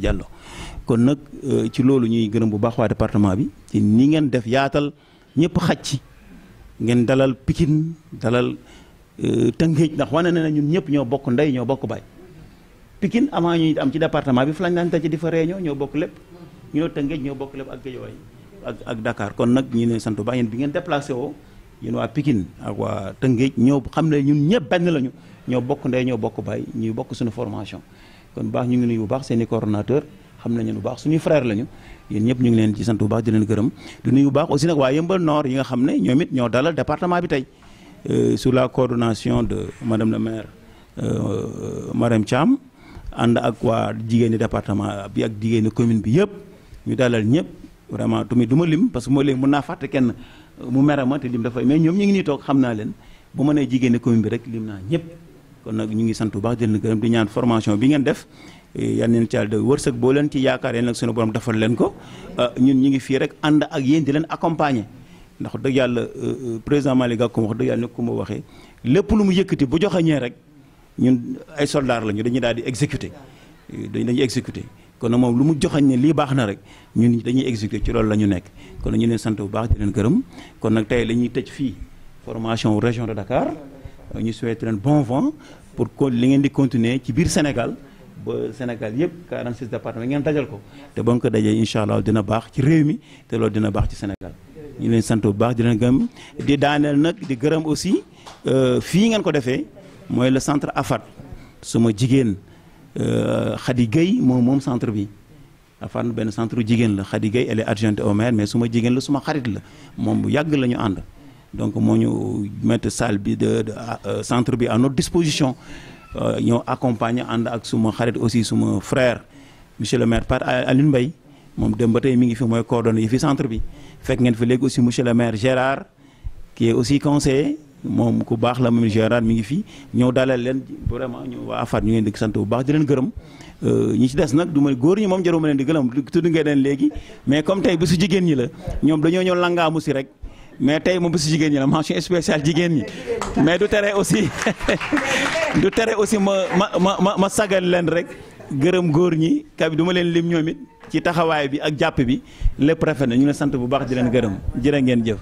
kon nag euh, ci loolu ñuy gërëm bu baax waa département bi ci ni ngeen def yaatal ñëpp xaj ci ngeen dalal Pikine dalal euh, Tëngéej ndax wane na ne ñun ñëpp ñoo bokk ndey ñoo bokk baay Pikine avant ñuy am ci département bi fa lañ daan daje di fa réunion ñoo bokk lépp ñoo Tëngéej ñoo bokk lépp ak Guédiawaye ak ak dakaar kon nag ñu ne sant bu baax yéen bi ngeen déplacé woo yéen waa Pikine ak waa Tëngéej ñoo xam ne ñun ñëpp benn lañu. ñoo bokk nday ñoo bokk bay ñuy bokk suñu formation kon baax ñu ngi nuyu bu baax seen coordinateur coordonnateur xam nañu bu baax suñu frère lañu yeen ñëpp ñu ngi leen ci sant bu baax di leen gërëm di nuyu bu baax aussi nak wa Yeumbeul Nord yi nga xam ne ñoom it ñoo dalal département bi tey euh, sous la coordination de madame le maire euh Marème Cham and ak wa jigéeni département bi ak jigéeni commune bi yëpp ñu dalal ñëpp vraiment tumi duma lim parce que mo léegi mën naa fàtte kenn mu mere ma te lim dafay mais ñoom ñi ngi ni toog xam naa leen bu ma nee jigéeni commune bi rek lim naa ñëpp kon nag ñu ngi sant bu baax di gërëm di ñaan formation bi ngeen def eh, yal neen ci yàlla wërsëg boo leen ci yaakaar yéen nag suñu borom defal leen ko ah, ñun ñu ngi fii rek ànd ak yéen di leen accompagner ndax dëgg yàlla eh, eh, président Malick Gakou wax dëgg yàlla ni ku ma waxee lépp lu mu yëkkati bu joxe ñee rek ñun ay soldaar la ñu dañuy daal di exécuter dañu dañuy exécuter kon nag moom lu mu joxañ ne lii baax na rek ñun dañuy exécuter ci loolu la ñu nekk kon nag ñu leen sant bu baax di leen gërëm kon nag tey la ñuy tëj fii formation région de Dakar. ñu souhaité leen bon vent pour que li ngeen di continuer ci biir Sénégal ba Sénégal yépp 46 départements ngeen dajal ko te ba ko dajé inshallah dina baax ci réew mi te lo dina baax ci Sénégal. ñu leen sant bu baax di leen gëm di daanel nak di gërëm aussi euh fi ngeen ko défé moy le centre Afat suma jigéen euh, Khady Gueye moom mom centre bi. afaan benn centre jigéen la Khady Gueye elle est adjointe au maire mais suma jigéen la suma xarit la mom bu yàgg la ñu ànd donc moñu ñu mettre salle bi de euh, centre bi à notre disposition euh, ñoo accompagner and ak suma xarit aussi suma frère monsieur le maire par Alioune Mbaye mom dem ba mi ngi fi moy coordonné yi fi centre bi fek ngeen fi léegi aussi monsieur le maire Gérard qui est aussi conseiller mom ku bax la moom Gérard mi ngi fi ñëw dalal len vraiment ñu wa Afat ñu ngi di sant bu baax di leen gërëm euh, ñi ci dess nak duma goor góor ñi moom jaruma len di gërëm tuddu ngeen leen légui mais comme tay bu su jigen ñi la ñom dañoo ñoo langa musi rek. mais tey moom bésu jigéen ñi la mention spéciale jigéen ñi mais du tere aussi du tere aussi ma ma ma ma sagal leen rek gërëm góor ñi kabi du ma leen lim ñoom it ci taxawaay bi ak jàpp bi lépp rafet na ñu ne sant bu baax di leen gërëm jërë ngeen jëf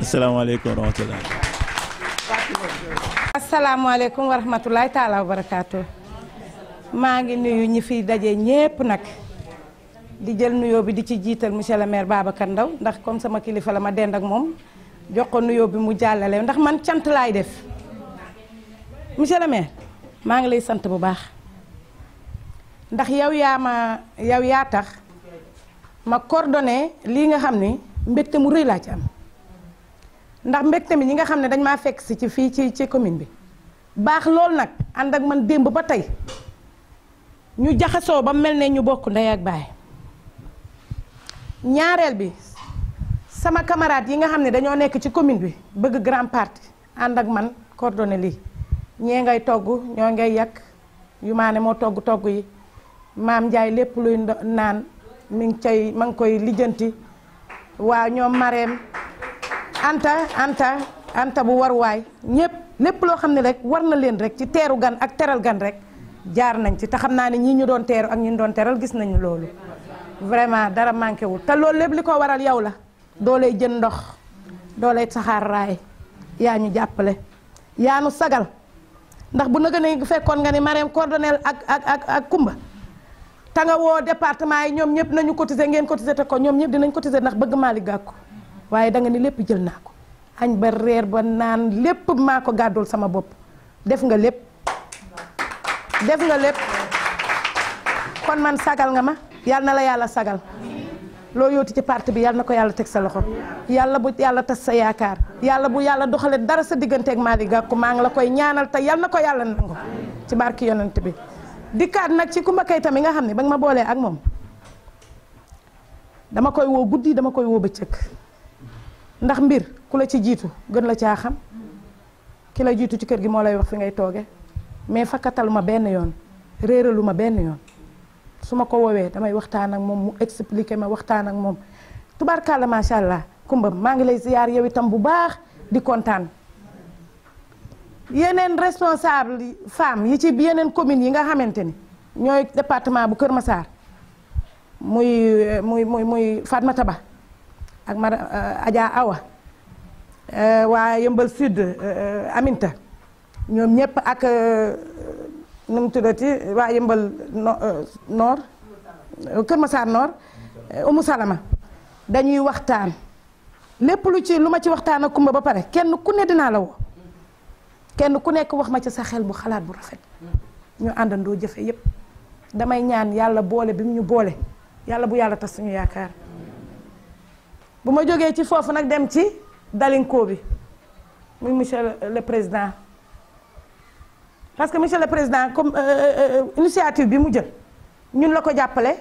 asalaamaaleykum wa rahmatulah. asalaamaaleykum wa barakaatu. maa ngi nuyu ñi fi daje ñépp nag. di jël nuyoo bi di ci jiital monsieur le maire baabakat Ndaw ndax comme sama kilifa la ma dend ak moom jox ko nuyoo bi mu jàllalee ndax man cant laay def monsieur le maa ngi lay sant bu baax ndax yow yaa ma yow yaa tax ma coordonné lii nga xam ni mbégte mu rëy laa ci am ndax mbégte mi ñi nga xam ne dañ maa fekk si ci fii ci ci commune bi baax loolu nag ànd ak man démb ba tey ñu jaxasoo ba mel ne ñu bokk ndey ak baay ñaareel bi sama camarade yi nga xam ne dañoo nekk ci commune bi bëgg grand parti ànd ak man coordonné lii ñee ngay togg ñoo ngay yàq yumaane moo togg togg yi maam njaay lépp luy naan mi ngi cay ma ngi koy lijjanti waa ñoom mareem Anta Anta Anta bu waruwaay ñëpp lépp loo xam ne rek war na leen rek ci teeru gan ak teral gan rek jaar nañ ci te xam naa ne ñii ñu doon teeru ak ñi ñu doon teral gis nañu loolu vraiment dara manqué wul te loolu lépp li ko waral yow la. dooley jën ndox dooley ya ray yaa ñu jàppale yaa nu sagal ndax bu naga ne nga ni mariam ak ak ak Kumba ta nga wo département yi ñom ñep nañu cotiser ngeen cotiser ta ko ñom ñep dinañ cotiser ndax bëgg malik li waye da nga ni lepp jël nako añ ba reer ba naan lepp mako gadul sama bop def nga lepp def nga lepp kon man sagal nga ma yalla na la yalla sagal loo yooti ci parti bi yàlla na ko yàlla teg sa loxo yàlla bu yàlla tas sa yaakaar yàlla bu yàlla doxalee dara sa digganteeg Malick Gakou maa ngi la koy ñaanal te yàlla na ko yàlla nangu ci barke yonent bi dikkaat nag ci Coumba Keita mi nga xam ne ba nga ma boolee ak moom dama koy woo guddi dama koy woo bëccëg ndax mbir ku la ci jiitu gën la caa xam ki la jiitu ci kër gi moo lay wax fi ngay tooge mais fakkataluma benn yoon réeralu ma benn yoon su ma ko woowee damay waxtaan ak moom mu expliquer ma waxtaan ak moom tubaarkàlla macha allah kumba maa ngi lay ziyaar yow itam bu baax di kontaan. yeneen responsable femme yi ci yeneen communes yi nga xamante ni ñooy département bu Kër Massar muy muy muy muy Fatmata Ba ak ma euh, Adja Awa euh, waa Yëmbal Sud euh, Aminta ñoom ñëpp ak nu mu tuddati waa yëmbal euh, noor Kër Masar noor euh, Umu Salama dañuy waxtaan lépp lu ci lu ma ci waxtaan ak Kumba ba pare kenn ku ne dinaa la woo kenn ku nekk wax ma ci sa xel bu xalaat bu rafet ñu àndandoo jëfe yépp damay ñaan yàlla boole bi mu ñu boole yàlla bu yàlla tas suñu yaakaar bu ma jógee ci foofu nag dem ci dalinko bi muy monsieur le président parce que monsieur le président comme euh, euh, euh, initiative bi mu jël ñun la ko jàppale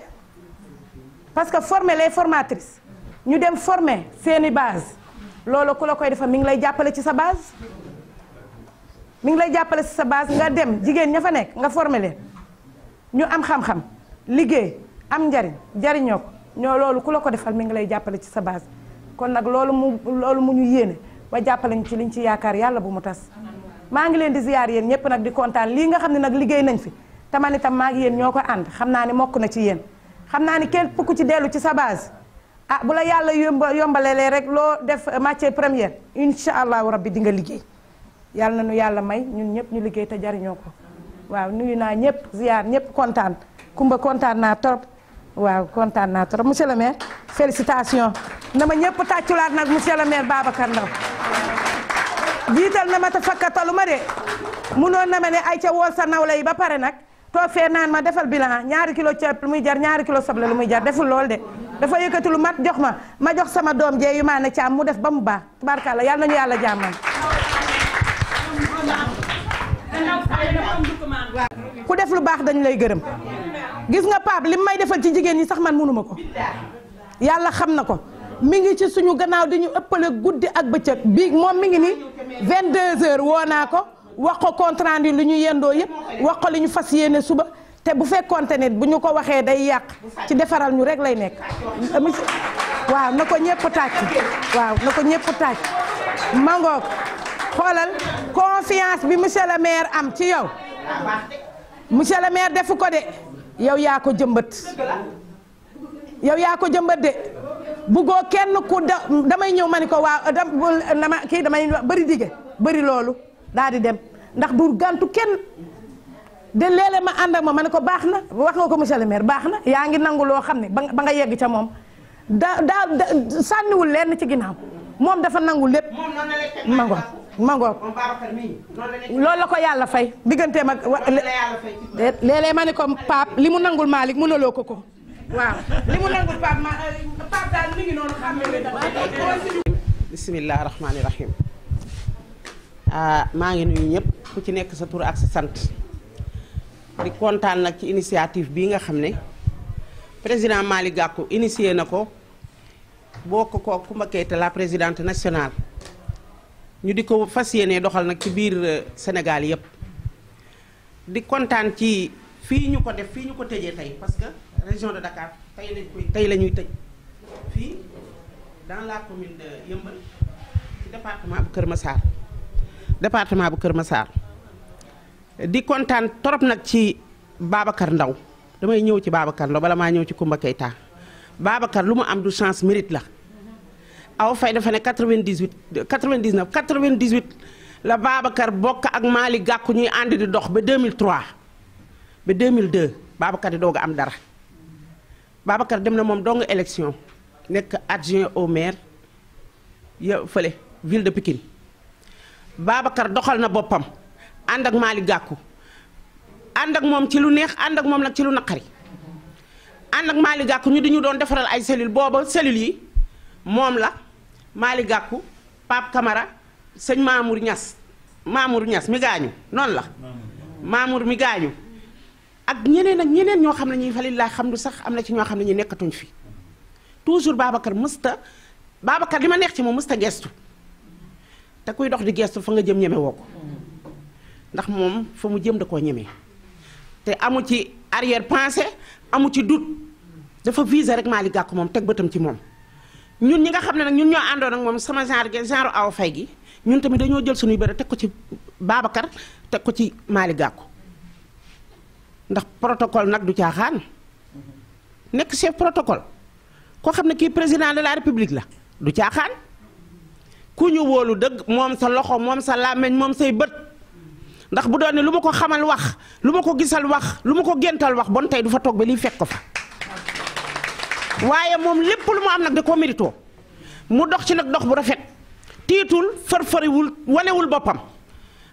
parce que former les formatrices ñu dem former seeni base loolu ku la koy defal mi ngi lay jàppale ci sa base mi ngi lay jàppale ci sa base nga dem jigéen ña fa nekk nga former leen ñu am xam-xam liggéey am njariñ jariñoo ko ñoo loolu ku la ko defal mi ngi lay jàppale ci sa baas kon nag loolu mu loolu mu ñu yéene wa jàppale ñu ci liñ ci yaakaar yàlla bu mu tas maa ngi leen di ziyaar yéen ñëpp nag di kontaan lii nga xam ne nag liggéey nañ fi te man itam maa ngi yéen ñoo ko ànd xam naa ne mokk na ci yéen xam naa ne kenn ku ci dellu ci sa base ah bu la yàlla yomba yombalelee rek loo def matière première incha allahu rabbi di nga liggéey yàlla na nu yàlla may ñun ñëpp ñu liggéey te jariñoo ko waaw nuyu naa ñëpp ziyaar ñëpp kontaan kumba kontaan naa trop waaw kontaan naa trop monsieur le maire félicitations na ma ñëpp tàcculaat nag le maire Babacar jiital na ma te fakkatalu ma de munoon na ma ne ay ca wool sa nawle yi ba pare nag too fee naan ma defal bilan ñaari kilo ceeb lu muy jar ñaari kilo soble lu muy jar deful lool de dafa yëkkati lu mat jox ma ma jox sama doom jee yu maa ne caam mu def ba mu baax tubaarkàlla yàlla nañu yàlla jàmmal ku def lu baax dañu lay gërëm gis nga Pape li may defal ci jigéen ñi sax man mënuma ko yàlla xam na ko mi ngi ci suñu gannaaw di ñu ëppale guddi ak bëccëg bii moom mi ngi ni 22h woo naa ko wax ko compte rendu lu ñu yendoo yëpp wax ko li ñu fas yéene suba te bu fekkoonte ne bu ñu ko waxee day yàq ci defaral ñu rek lay nekk. waaw na ko ñëpp tàcc waaw na ko ñëpp tàcc mangook xoolal confiance bi monsieur le maire am ci yow monsieur le maire defu ko de yow yaa ko jëmbat yow yaa ko jëmbat de. buggoo kenn ku da damay ñëw ma ni ko waaw dama kii damay bari dige bari loolu daal di dem ndax du gàntu kenn de léeg ma ànd ak ma ma ne ko baax na wax ko monsieur le maire baax na yaa ngi nangu loo xam ne ba nga yegg ca moom da daa sànniwul lenn ci ginnaaw moom dafa nangu lépp ma ngoog ma ko yàlla fay digganteem ak léeg ma ne ko paap li mu nangul Malick mënaloo ko ko waaw li mu nangul Pape euh, ngi ne bisimilah maa ngi nuyu ñëpp ku ci nekk sa tur ak sa sant di kontaan nag ci initiative bii nga xam ne président Malick Gakou initié na ko bokk ko Coumba Keita la présidente nationale ñu di ko fas yéene doxal nag ci biir euh, Sénégal yëpp di kontaan ci fii ñu ko def fii ñu ko tëjee tey parce que. région de Dakar tey lañ la ñuy tëj fii dans la commune de Yëmbal ci département bu Kër Massar département bu Kër Massar di kontaan trop nag ci Babacar Ndaw damay ñëw ci Babacar Ndaw bala maa ñëw ci Kumba Keita Babacar lu mu am du chance mérite la aw fay dafa ne 98 99 98 la Babacar bokk ak Malick Gakou ñuy ànd di dox ba 2003 ba 2002 Babacar di doog a am dara. Babacar dem na moom dong élection nekk adjoint au maire ya fële ville de Pikine Babacar doxal na boppam ànd ak Malick gàkku ànd ak moom ci lu neex ànd ak moom nag ci lu naqari ànd ak Malick gàkku ñu dañu doon defaral ay cellule booba cellule yi moom la Malick gàkku Pape Camara sëñ Mamour ñas Mamour Niass mi gaañu noonu la Mamour mi gaañu ak ñeneen ak ñeneen ñoo xam ne ñuy ñi falilaa xam du sax am na ci ñoo xam ne ñu nekkatuñ fi toujours Babacar mësta Babacar li ma neex ci moom mësta gestu te kuy dox di gestu fa nga jëm ñeme woo ko ndax moom fa mu jëm da koo ñeme te amu ci arrière pensée amu ci doute dafa viser rek Malick Gakou moom teg bëtam ci moom ñun ñi nga xam ne nag ñun ñoo àndoon ak moom sama genre genre aw fay gi ñun tamit dañoo jël suñuy bëri teg ko ci Babacar teg ko ci Malick ndax protocole nag du caaxaan nekk chef protocole koo xam ne kii président de la république la du caaxaan ku ñu wóolu dëgg moom sa loxo moom sa làmmiñ moom say bët ndax bu doon ne lu ma ko xamal wax lu ma ko gisal wax lu ma ko gental wax bon tey du fa toog ba lii fekk ko fa waaye moom lépp lu mu am nag da ko méritoo mu dox ci nag dox bu rafet tiitul fërfëriwul wanewul boppam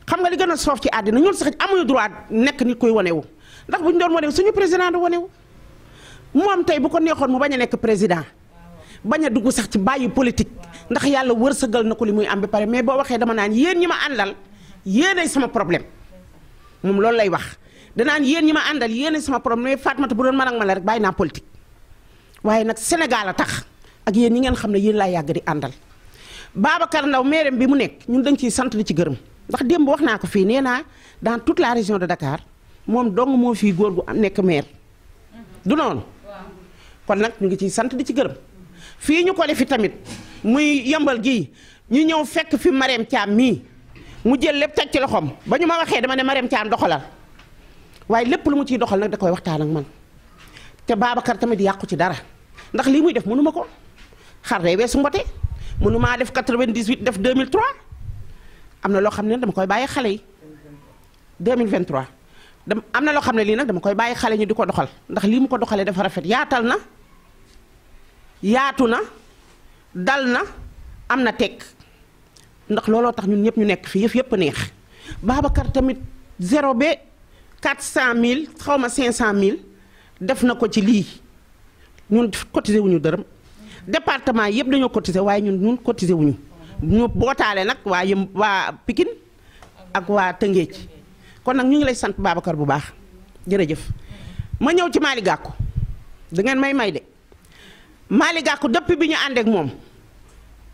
xam nga li gën a soof ci àddina ñun sax amuñu droit nekk nit koy wanewu ndax buñ doon wane presiden suñu président do woné wu moom tey bu ko neexon mu baña nek président baña dugg sax ci bayyi politique ndax yalla wërsegal nako li muy am bi pare mais bo waxé dama nan yeen ñima andal sama problème mom lool lay wax da nan yeen ñima andal sama problème mais Fatmata bu doon man ak man la rek bayina politique waaye nak Sénégal la tax ak yeen ñi ngeen xamné yeen nyundeng yagg yàgg di àndal Babacar Ndaw mérem bi mu nek ñun dañ ci sant di ci gërëm ndax ko fi néna dans toute la région de Dakar moom dong moo fii góor gu nekk maire mhm. du noonu kon nag ñu ngi ciy sant di ci gërëm fii ñu ko defi tamit muy yëmbal gii ñu ñëw fekk fi Marème caam mii mu jël lépp teg ci loxoom ba ñu ma waxee dama ne Marème Thiam doxalal waaye lépp lu mu ciy doxal nag da koy waxtaan ak man te Babacar tamit yàqu ci dara ndax lii muy def mënu ma ko xar day weesu mbote mënu maa def 98 def 2003 am na loo xam ne dama koy bàyyi xale yi 2023. dam am na loo xam ne lii nag dama koy bàyyi xale ñu di ko doxal ndax lii mu ko doxalee dafa rafet yaatal na yaatu na dal na am na tekk ndax looloo tax ñun ñëpp ñu nekk fii yëf yëpp neex Babacar tamit zéro ba quatre cent mille xaw ma cinq cent mille def na ko ci lii ñun cotisé wuñu dërëm departement yëpp dañoo cotisé waaye ñun ñun cotisé wuñu ñu bootaale nag waa yëm waa pikin ak waa Tëngéej kon nag ñu ngi lay sant Babacar bu baax jërëjëf ma ñëw ci Malick Gakou da ngeen may may de Malick gàkku dëpp bi ñu àndeek moom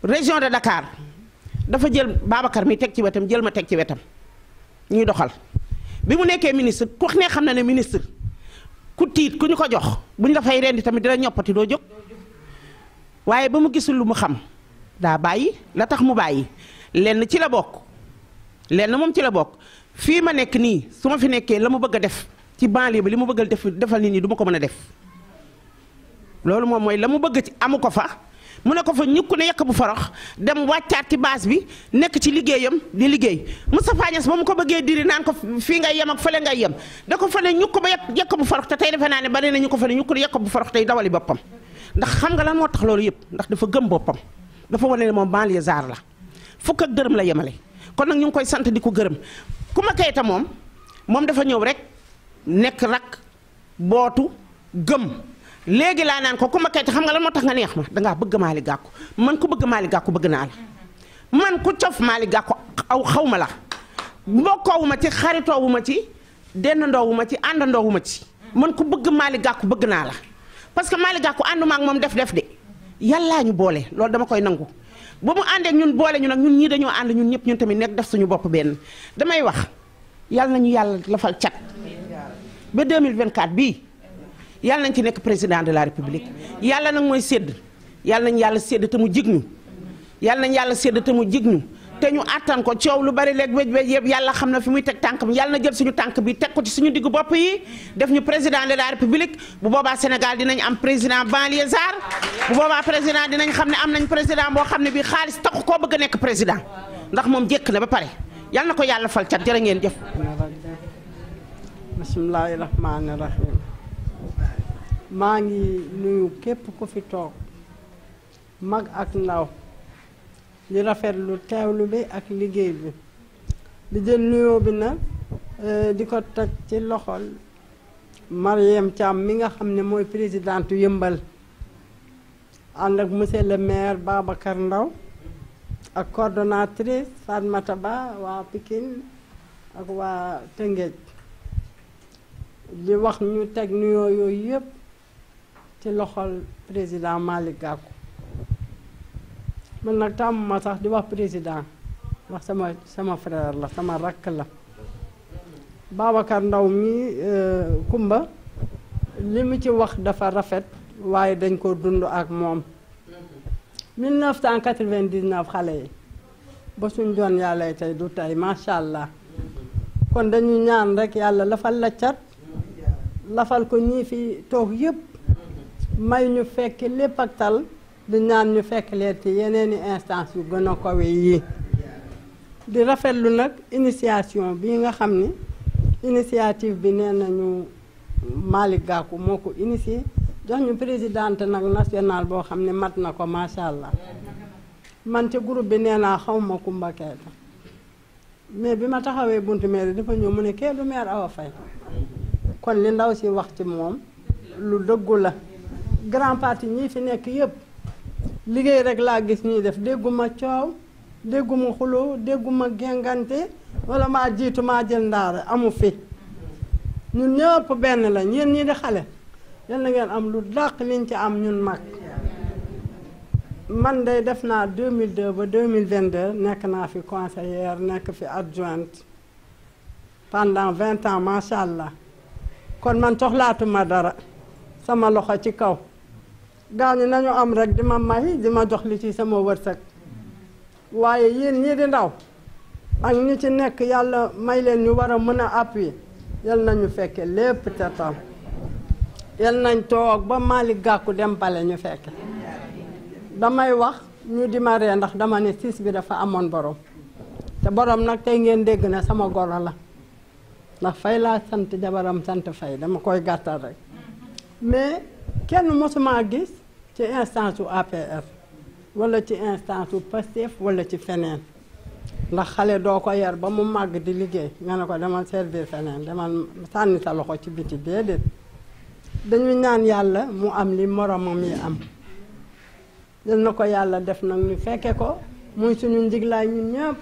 région de dakaar dafa jël Babacar mi teg ci wetam jël ma teg ci wetam ñuy doxal bi mu nekkee ministre ku ne xam na ne ministre ku tiit ku ñu ko jox bu ñu la rendi tamit dina ñoppati doo jóg waaye ba mu gisul lu mu xam daa bàyyi la tax mu bàyyi lenn ci la bokk lenn moom ci la bokk fii ma nekk nii su ma fi nekkee la ma bëgg a def ci banlieue bi li ma bëgg a def defal nit ñi du ko mën a def loolu moom mooy la mu bëgg ci amu ko fa mu ne ko fa ñukk ne yekk bu farox dem wàccaat ci baas bi nekk ci liggéeyam di liggéey Moustapha Niasse ba mu ko bëggee diri naan ko fii ngay yem ak fële ngay yem da ko fa ne ñukk ba yekk yekk bu farox te tey defe naa ne bari nañu ko fa ne ñukk ne yekk bu farox tey dawali boppam ndax xam nga lan moo tax loolu yëpp ndax dafa gëm boppam dafa wane ne moom banlieusard la fukk ak dërëm la yemale kon nag ñu ngi koy sant di ko gërëm ku ma Keita moom moom dafa ñëw rek nekk rak bootu gëm léegi laa naan ko ku Kouma Keita xam nga la moo tax nga neex ma dangaa bëgg maali Gakou man ku bëgg maali Gakou bëgg naa la man ku cof Malick Gakou aw xaw ma la mbokkoowuma ci xaritoowuma ci dendndoowuma ci àndandoowuma ci man ku bëgg Malick Gakou bëgg naa la parce que Malick Gakou ànduma ak moom def def de yàllaa ñu boole loolu dama koy nangu ba mu àndeek ñun boole ñu nag ñun ñii dañoo ànd ñun ñëpp ñun tamit nekk def suñu bopp benn damay wax yàlla nañu yàlla lafal cat ba 2024 bii yàlla nañ ci nekk président de la république yàlla nag mooy sédd yàlla nañu yàlla sédd te mu jig ñu yàlla nañ yàlla sédd te mu jig ñu te ñu àttan ko ciow lu bari lek wéj wéj yeb yàlla xamna fi muy tek tànk bi yàlla na jël suñu tànk bi tek ko ci suñu diggu bop yi def ñu président de la république bu boba Sénégal dinañ am président banlieusar bu boba président dinañ xam am nañ président bo xam bi xaliss tax ko bëgg nek président ndax mom jékk na ba pare yàlla nako yàlla fal ci jërë ngeen jëf. bismillahir rahmanir rahim ma ngi nuyu kep ko fi tok mag ak ndaw. di rafetlu teewlu bi ak liggéey bi di jël nuyoo bi nag eh, di ko teg ci loxol Mariam Thiam mi nga xam ne mooy présidente yëmbal ànd ak monsieur le maire Babacar Ndaw ak coordonnatrice Fatmata Ba waa Pikine ak waa Tëngéej di wax ñu teg nuyoo yooyu yëpp ci loxol président Malick Gakou من نتام ما تاخد بقى بريزيدا الله سما سما فرد الله سما رك الله بابا كان دومي آه، كumba لمتي وقت دفع رفت واي دنكو دندو اك موم 1999 خالي بسون جوان يالاي تاي دو تاي ما شاء الله كون دانيو نيان رك يالا لا فال لاتيات لا فال كو ني في توك ييب ماي ني فك ليباك تال du ñaan ñu fekk leen yeneen i instance yu gën a kawe yii di rafetlu nag initiation bi nga xam ni initiative bi nee nañu maali Gakou moo ko initié jox ñu présidente nag national boo xam ne mat na ko macha allah mante ci groupe bi nee naa xaw ma Kumba Keita mais bi ma taxawee buntu maire dafa ñëw mu ne kee du aw a Faye kon li ndaw si wax ci moom lu dëggu la grand parti ñii fi nekk yëpp liggéey rek laa gis ñuy def dégguma coow dégguma xuloo dégguma gengante walla maa jiitu maa jël ndaara amu fi ñun ñëpp benn lañ yéen ñi di xale yal na ngeen am lu dàq liñ ci am ñun mag man day def naa mille 2002 ba mille vingt 2022 nekk naa fi conseillère nekk fi adjointe pendant 20 ans macha allah kon man soxlaatuma dara sama loxo ci kaw gaañu nañu am rek di ma may di ma jox li ci sama wërsëg waaye yéen ñii di ndaw ak ñi ci nekk yàlla may leen ñu war a mën a appuyer yal nañu fekke lépp te tam yal nañ toog ba Malick gàkku dem bale ñu fekke damay wax ñu di ma ree ndax dama ne siis bi dafa amoon borom te borom nag tey ngeen dégg na sama goro la ndax fay laa sant jabaram sant fay dama koy gàttal rek mais kenn mosuma gis ci instance u APR wala ci instance u Pastef wala ci feneen ndax xale doo ko yar ba mu màgg di liggéey nga ne ko demal servir feneen demal sànni sa loxo ci biti déedéet dañuy naan yàlla mu am li moromam yi am dal na ko yàlla def nag ñu fekke ko muy suñu njiglaay ñu ñëpp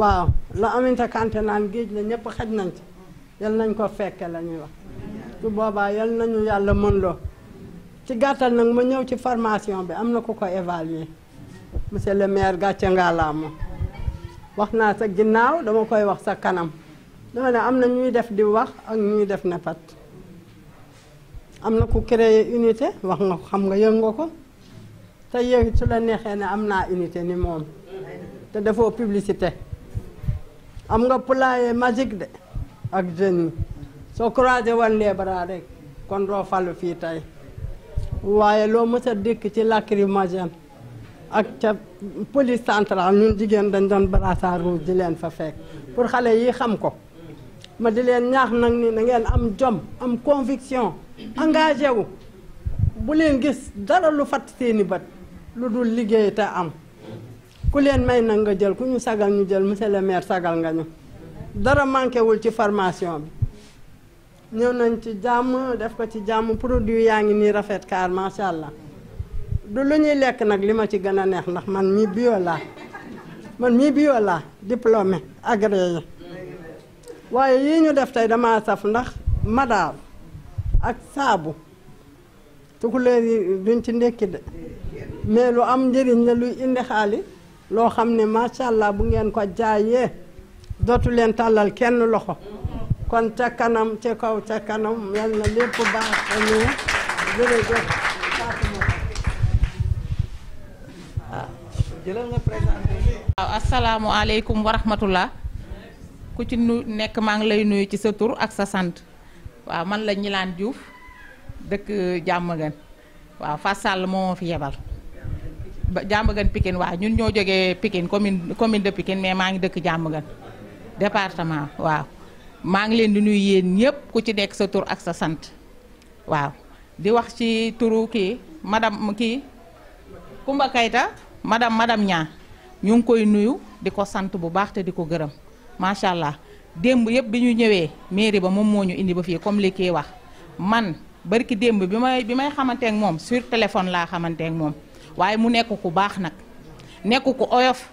waaw la aminte kante naan géej la ñëpp xaj nañ ci yal nañ ko fekke lañuy wax su boobaa yal nañu yàlla mën loo ci gàttal nag ma ñëw ci formation bi am na ko ko évaluer monsieur le maire gàcce ngaalaama wax naa sa ginnaaw dama koy wax sa kanam dama ne am na ñuy def di wax ak ñuy def nepat am na ku créer unité wax nga ko xam nga yëg nga ko te yëg su la neexee ne am naa unité ni moom te dafoo publicité am nga poulailler magique de ak jeunes yi soo croisé woon les bras rek kon doo falu fii tey waaye loo mës a dikk ci lacrymogène ak ca police centrale ñun jigéen dañ doon brassard rouge di leen fa fekk pour xale yi xam ko ma di leen ñaax nag ni na ngeen am jom am conviction engagé wu bu leen gis dara lu fat seeni bët lu dul liggéey te am ku leen may nag nga jël ku ñu sagal ñu jël monsieur le maire sagal nga ñu dara manqué wul ci formation bi ñëw nañ ci jàmm def ko ci jàmm produit yaa ngi nii rafet kaar macha allah du lu ñuy lekk nag li ma ci gën a neex ndax man ñii bio man mii bio laa diplômé agréé waaye yii ñu def tey dama saf ndax madaar ak saabu tukuleer yi duñ ci ndekki de mais lu am njëriñ la luy indi xaalis loo xam ne macha allah bu ngeen ko jaayee dootu leen tàllal kenn loxo kon ca kanam ca kaw ca kanam yal na lépp baax amee jërëjëf assalamu alaykum wa rahmatullah ku ci nu nek ma ngi lay nuyu ci sa tour ak sa sant wa man la ñilan Diouf dekk jamagan wa Fass Sall moo fi yebal jamagan Diamaguène Pikine waaw ñun ñoo joggé Pikine commune commune de Pikine mais ma ngi dekk jamagan département waaw maa ngi leen di nuyu yéen ñëpp ku ci nekk sa tur ak sa sant waaw di wax ci turu kii madame kii Kumba Kayta madame madam ñaa ñu ngi koy nuyu di ko sant bu baax te di ko gërëm macha allah démb yëpp bi ñu ñëwee mairie ba moom moo ñu indi ba fii comme li kii wax man barki démb bi may bi may xamanteek moom sur téléphone laa xamanteek moom waaye mu nekk ku baax nag nekk ku oyof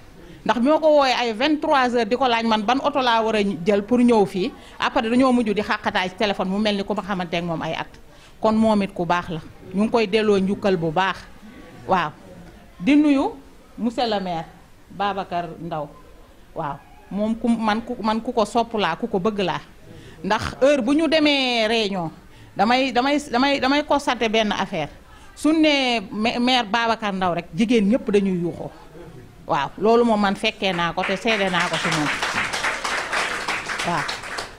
ndax bi ko wooyee ay 23h di ko laaj man ban oto laa war a jël pour ñëw fii après dañoo mujj di xàqataay ci téléphone mu mel ni ku ma xamante moom ay at kon moom it ku baax la ñu ngi koy delloo njukkal bu baax waaw di nuyu monsieur le maire Babacar Ndaw waaw moom ku man ku man ku ko sopp laa ku ko bëgg laa ndax heure bu ñu demee réunion damay damay damay damay constaté benn affaire su ne maire Babacar Ndaw rek jigéen ñëpp dañuy yuuxoo waaw loolu moom man fekkee naa ko te seede naa ko si moom waaw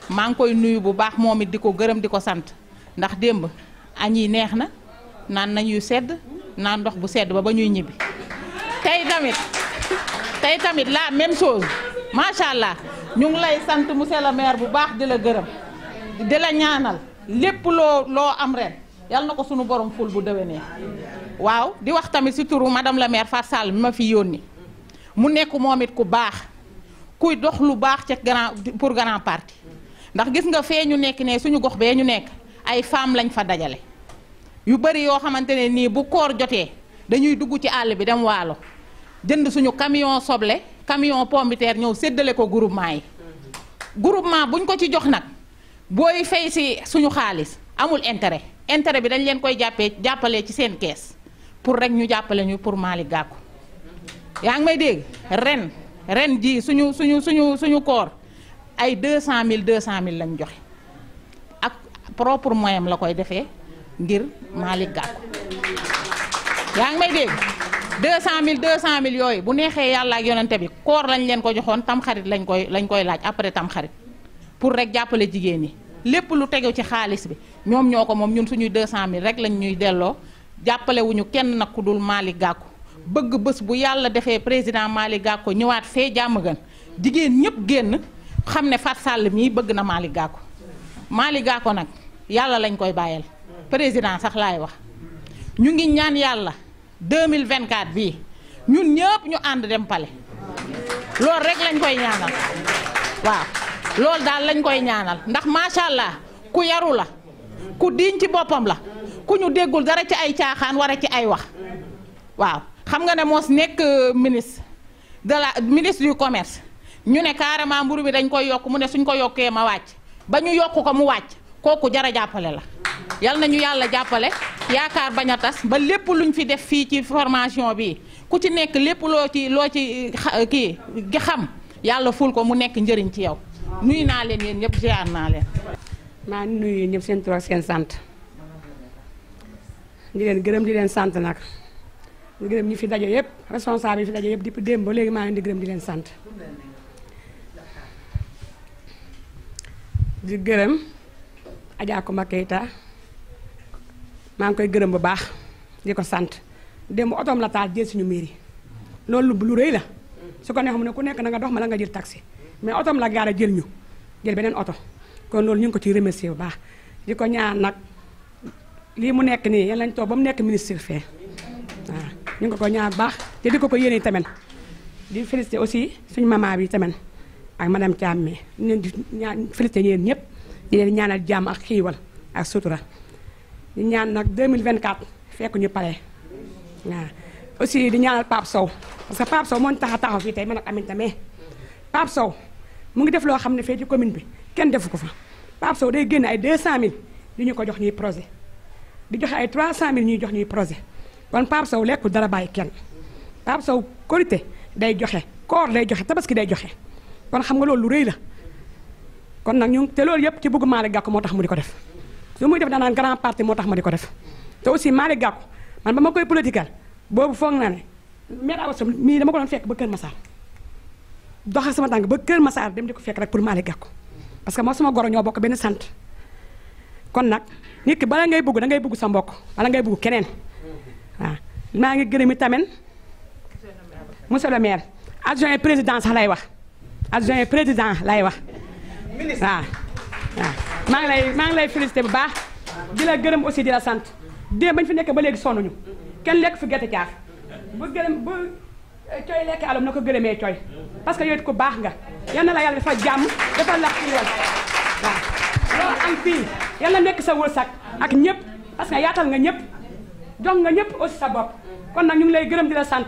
maa ngi koy nuyu bu baax moom it di ko gërëm sant ndax démb añi neex na naan nañuy sedd naan ndox bu sedd ba ba ñuy ñibbi tey tamit tey tamit la même chose macha allah ñu ngi lay sant monsieur le maire bu baax di la gërëm di la ñaanal lépp loo loo am ren yal na ko sunu borom ful bu déwénee waaw di wax tamit si turu madame la maire Fatou ma fi yónni mu nekk moom it ku baax kuy dox lu baax ca grand pour grand parti ndax gis nga fee ñu nekk ne suñu gox bee ñu nekk ay femmes lañ fa dajale yu bari yoo xamante ne nii bu koor jotee dañuy dugg ci àll bi dem waalo jënd suñu camion soble camion pombiteer ñëw séddale ko groupement yi groupement buñ ko ci jox nag booy fay si suñu xaalis amul intérêt intérêt bi dañ leen koy jàppee jàppalee ci seen kees pour rek ñu jàppale ñu pour maali Gakou yaa ngi may dégg ren ren jii suñu suñu suñu suñu koor ay deux cent mille deux cent mille lañ joxe ak propre moyen la koy defee ngir Malick Gakou yaa ngi may dégg deux cent mille deux cent mille yooyu bu neexee yàlla ak yonante bi koor lañ leen ko joxoon tam xarit lañ koy lañ koy laaj après tam xarit pour rek jàppale jigéen ñi lépp lu tegu ci xaalis bi ñoom ñoo ko moom ñun suñuy deux cent mille rek lañ ñuy delloo jàppalewuñu kenn nag ku dul Malick Gakou bëgg bës bu yàlla defee président Malick Gakou ñëwaat fee jàmm gën jigéen ñëpp génn xam ne Fat Sall mii bëgg na Malick Gakou Malick nag yàlla lañ koy bàyyal président sax laay wax ñu ngi ñaan yàlla 2024 bii ñun ñëpp ñu ànd dem pale loolu rek lañ koy ñaanal waaw loolu daal lañ koy ñaanal ndax macha allah ku yaru la ku diiñ ci boppam la ku ñu déggul dara ci ay caaxaan war ci ay wax waaw xam nga ne moos nekk euh, ministre de la ministre du commerce ñu ne carrément mburu bi dañ koy yokk mu ne suñ ko yokkee ma wàcc ba ñu yokk ko mu wàcc kooku jara jàppale la yal nañu yàlla jàppale yaakaar bañ a tas ba lépp lu ñu fi def fii ci formation bi ku ci nekk lépp loo ci loo ci kii gi xam yàlla ful ko mu nekk njëriñ ci yow nuyu naa leen yéen ñëpp ziar naa maa nuyu ñëpp seen tur seen sant di leen gërëm di leen sant nag di gërëm ñi fi daje yépp responsable yi fi daje yépp di démb ba léegi maa di gërëm di leen sant di gërëm Adja Kumba Keita maa ngi koy gërëm bu baax di ko sant démb otoom la taal jël suñu mairie loolu lu rëy la su ko neexoon ne ku nekk na nga dox ma la nga jël taxi mais otoom la gaara jël ñu jël beneen oto kon loolu ñu ngi ko ciy remercier bu baax di ko ñaan nag lii mu nekk nii yan lañ toog ba mu nekk ministre fee waaw ñu ngi ko ko ñaar baax te di ko ko yéene tamit di félicité aussi suñu maman bi tamit ak madame Thiam mi ñu leen di ñaan félicité yéen ñëpp di leen ñaanal jàmm ak xiiwal ak sutura di ñaan nag mille vingt 2024 fekk ñu pare waaw aussi di ñaanal Pape Sow parce que Pape Sow moo tax a taxaw fii tey man ak Amin mais Pape Sow mu ngi def loo xam ne fee ci commune bi kenn defu ko fa Pape Sow day génn ay mille di ñu ko jox ñuy projet di joxe ay 300000 ñuy jox ñuy projet. kon Pape Sow lekkul dara bàyyi kenn Pape Sow korité day joxe koor day joxe tabaski day joxe kon xam nga loolu lu rëy la kon nag ñu te loolu yëpp ci bugg Malick Gakou moo tax mu di ko def su muy def daanaan grand parti moo tax ma di ko def te aussi Malick Gakou man ba ma koy political boobu foog naa ne maire Awa Sow mii dama ko doon fekk ba Kër Massar doxal sama tànk ba Kër Massar dem di ko fekk rek pour Malick Gakou parce que ma sama goro ñoo bokk benn sant kon nag nit ki bala ngay bëgg da ngay sa mbokk bala ngay bëgg keneen waaw maa ngi gërëm tamit monsieur le maire adjoint président sax lay wax adjoint président lay wax waaw waaw maa ngi lay maa ngi lay félicité bu baax di la gërëm aussi di la sant dé bañ fi nekk ba léegi sonnuñu kenn lekk fi gerte caaf bu gërëm bu eh, coy lekk alom na ko gërëmee coy parce que yooyu ko baax nga yal na la yàlla dafa jàmm dafa la xiiwal waaw loo am fii yàlla nekk sa wërsëg ak ñëpp parce que yaatal nga ñëpp jox nga ñëpp aussi sa bopp kon nag ñu ngi lay gërëm di la sant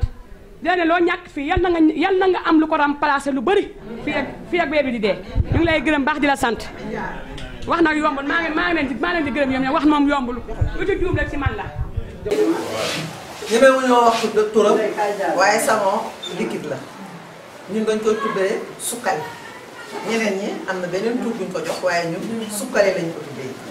dene lo ñak fi yalla nga yalla nga am lu ko remplacé lu bari fi ak fi ak bee di dé ñu ngi lay gërëm bax di la sant wax nak yombul ma ngi ma ngi leen di maa leen di gërëm ñoom wax mom yombul lu ci joom rek ci man la ñemewuñu ñoo wax turam waaye salon liquide la ñun dañ ko tuddé sukkal ñeneen ñi amna benen tur buñ ko jox waye ñun sukkalé lañ ko tuddé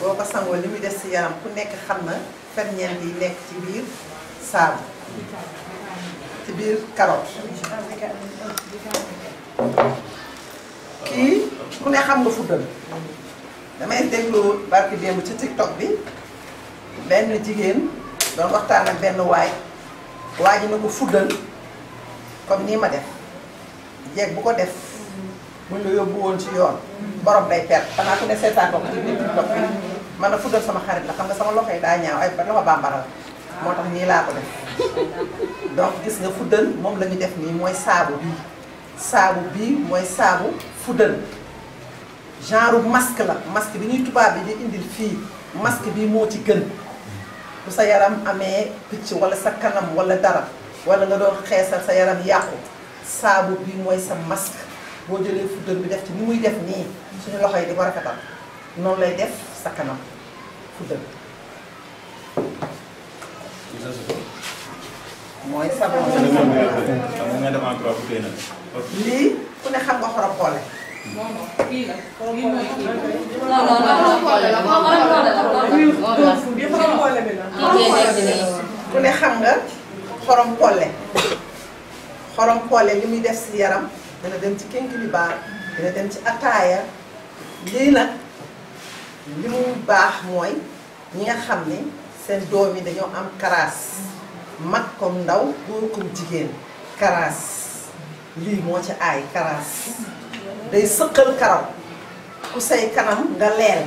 boko ko limi li muy def si yaram ku nek xamna na ferñeent nek ci bir sal ci bir carotte ki ku ne xam nga fuddal damay deglu barki démb ci tiktok bi ben jigen do waxtan ak ben way waji nako na fuddal comme ni ma def jeeg bu ko def buñ la yobbu won ci yoon borom day perte xanaa ku ne seetaan ko ci tiktok bi man na fuddal sama xarit la xam nga sama loxo yi daa ñaaw ay loxo bambara moo tax nii laa ko gis nga fuddal moom la def nii mooy saabu bii saabu bii mooy saabu fuddal genre masque la masque bi ñuy tubaab bi di indil fii masque bi moo ci gën bu sa yaram amee picc wala sa kanam wala dara wala nga doon sa yaram yàqu saabu bi mooy sa masque boo jëlee fuddal bi def ci ni muy def nii suñu loxo yi di ko rafetal noonu lay def sa kanam fu lii ku ne xam nga xorom xoole xorom xoole xam nga xorom xoole xorom xoole li muy def si yaram dana dem ci kénkilibaar dana dem ci ataaya lii nag li mu baax mooy ñi nga xam ne seen doom yi dañoo am karaas mag koom ndaw góor comme jigéen karaas lii moo ci aay karaas day sëqal karaw ku say kanam nga leel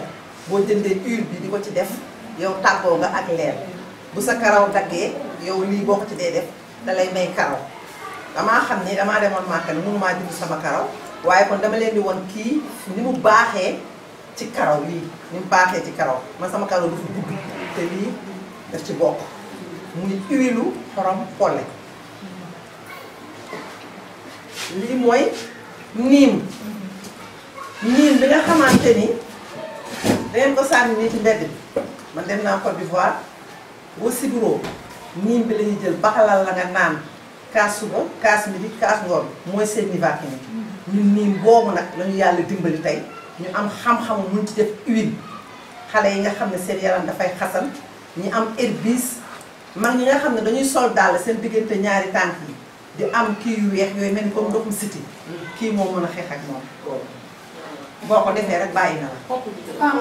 boo jëndee huile bi di ko ci def yow tàggoo nga ak leel bu sa karaw daggee yow lii boo ko ci dee def da may karaw damaa xam ne damaa demoon màkk ne mënumaa jënd sama karaw waaye kon dama leen di won kii ni mu baaxee ci karaw lii ni baaxee ci karaw man sama karaw dafa gudd te lii daf ci bokk muy huile xorom polle lii mooy niim niim bi nga xamante ni dangeen ko sànni nii ci mbedd bi man dem naa Côte d'Ivoire boo sibiroo niim bi la jël baxalal la nga naan kaas suba kaas midi kaas ngoon mooy seen nivaquine mm. ñun niim boobu nag lañu yàlla dimbali tey ñu am xam-xamu mun ci def huile xale yi nga xam ne seen yaram dafay xasan ñu am herbis mag ñi nga xam ne dañuy sol daal seen diggante ñaari tànk yi di am kii yu weex yooyu mel ni comme ndoxum siti kii moo mën a xeex ak moom boo ko defee rek bàyyi na la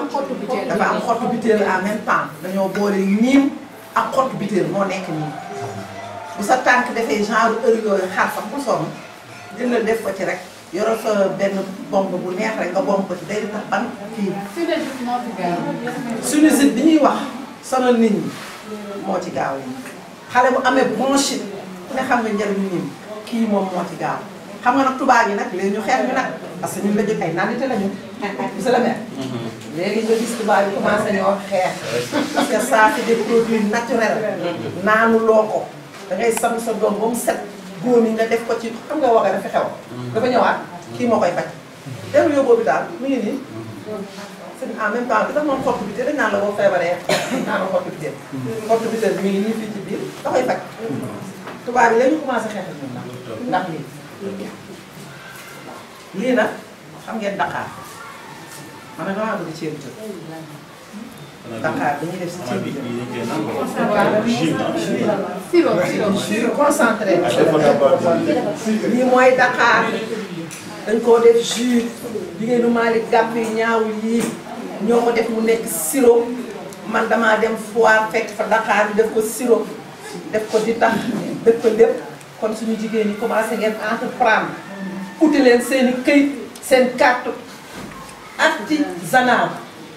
dafa am xottu butéel en même temps dañoo boole niim ak xottu butéel moo nekk ni bu sa tànk defee genre heure yooyu xar sax bu sonn jëndal def ko ci rek yoro sa benn bomb bu neex rek nga bomb ko ci day tax ban kii. bi ñuy wax sonal nit ñi moo ci gaaw yi xale bu amee bronchite ku ne xam nga njëriñu ñun kii moom moo ci gaaw xam nga nag tubaab yi nag léegi ñu xeex ñu nag parce que ñun la jëkk ay nandite la ñu. monsieur le maire. Mhm. léegi nga gis tubaab yi commencé ñoo xeex parce que saa si des produits naturels mhm. naanu loo ko da ngay sam sa doom ba mu set. góor ñi nga def ko ci xam nga waxee dafa xew. dafa ñëwaat kii moo koy faj. dem yóbbu hôpital mu ngi nii. en même temps li tax moom xottu bi te dañ naan la boo feebaree naanoo xottu bi teel. xottu bi teel mi ngi nii fii ci biir da koy faj. tubaab yi la ñu commencé xeexal ñun ndax ndax lii. lii nag xam ngeen Dakar man damaa bëgg ceeb bi Takabiri stili. Stilo, stilo, stilo, concentré. Li mooy Dakar dañ koo def jus bi ngeen Malick Gakou ñaaw yi ñoo ko def mu nekk sirop man damaa dem foire fekk fa Dakar bi def ko sirop def ko di tax def ko lépp kon suñu jigéen ñi commencé ngeen entreprendre uti leen seen i këyit seen carte artisanal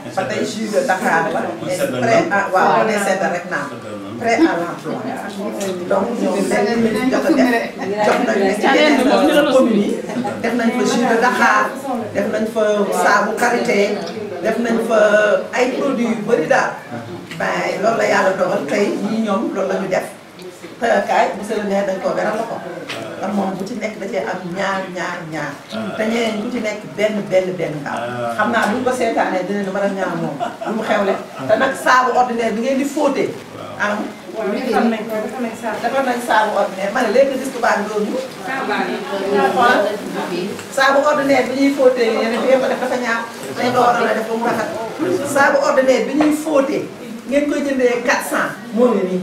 ba tey jus de Dakar a prêt à waaw on est seddal rek naan prêt à l'emploi donc ñoom leneen li ñu jot a def jox nañu ne ci yi def nañ fa jus Dakar def nañ fa saabu karité def nañ fa ay produits yu bëri daal. ben loolu la yàlla dogal tey ñii ñoom loolu la ñu def. kaay monsieur le maire dañ koo beral la ko ndax moom bu ci nekk da cee am ñaar ñaar ñaar ah. te ñeneen bu ci nekk benn benn benn daal ah. xam naa buñ ko seetaanee dinañu mën a ñaar moom lu mu xewle te nag saabu ordinaire bi ngeen di fóotee am ah. nañ ko defar nañ saabu defar nañ saabu ordinaire ma ne léegi gis tubaab dooñu xoolal saabu ordinaire bi ñuy fóotee a def ba mu bi ñuy fóotee ngeen koy jëndee 400 moo ngi nii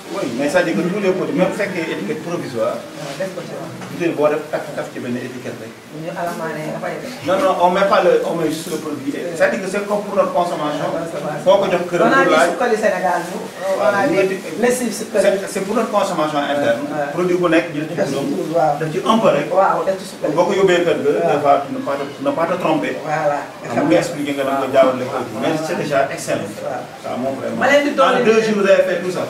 Oui, mais ça dit que tous les produits, même si c'est une étiquette provisoire, vous devez voir taf qui est une étiquette. Non, non, on ne met pas le, produit. Ça dit que c'est comme pour notre consommation. on a dit que C'est pour notre consommation interne. Produit qu'on est, il est tout long. Il est un peu récord. Il faut que vous aies bien fait de ne pas te tromper. Voilà. Je vais expliquer que vous avons déjà le produit. Mais c'est déjà excellent. Ça montre vraiment. En deux jours, vous avez fait tout ça.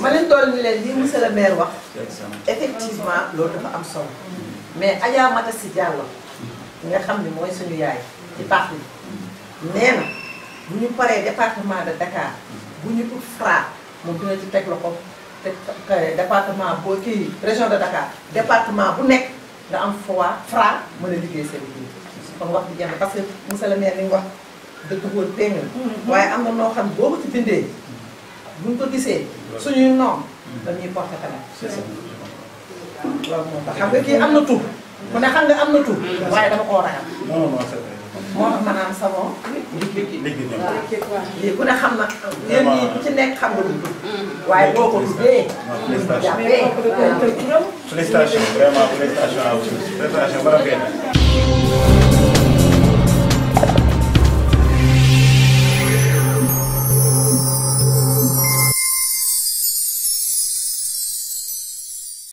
man ne dool leen li monsieur le maire wax effectivement loolu dafa am solo mais Adja Mata Si Diallo nga xam ne mooy suñu yaay ci parti bi nee bu ñu paree département de Dakar bu ñu ut Fra moom dina ci teg loxo te département boo kii région de Dakar département bu nekk nga am fois Fra mën a liggéey seen biir kon wax di jëm parce que monsieur le maire li nga wax dëgg wóor péngal mm-hmm. waaye am na noo xam boo ko ci bindee buñ ko gisee suñuy noom dañuy porté tamit. loolu moo tax xam nga kii am na tur. mu ne xam nga am na tur. waaye dama koo ragal. non non c'est sa moo tax ma naan savon. liggéey liggéey ku ne xam na. yéen ñii ku ci nekk xam nga lu tur. waaye boo ko tuddee. jàppee waaw. félicitation vraiment félicitation à vous félicitation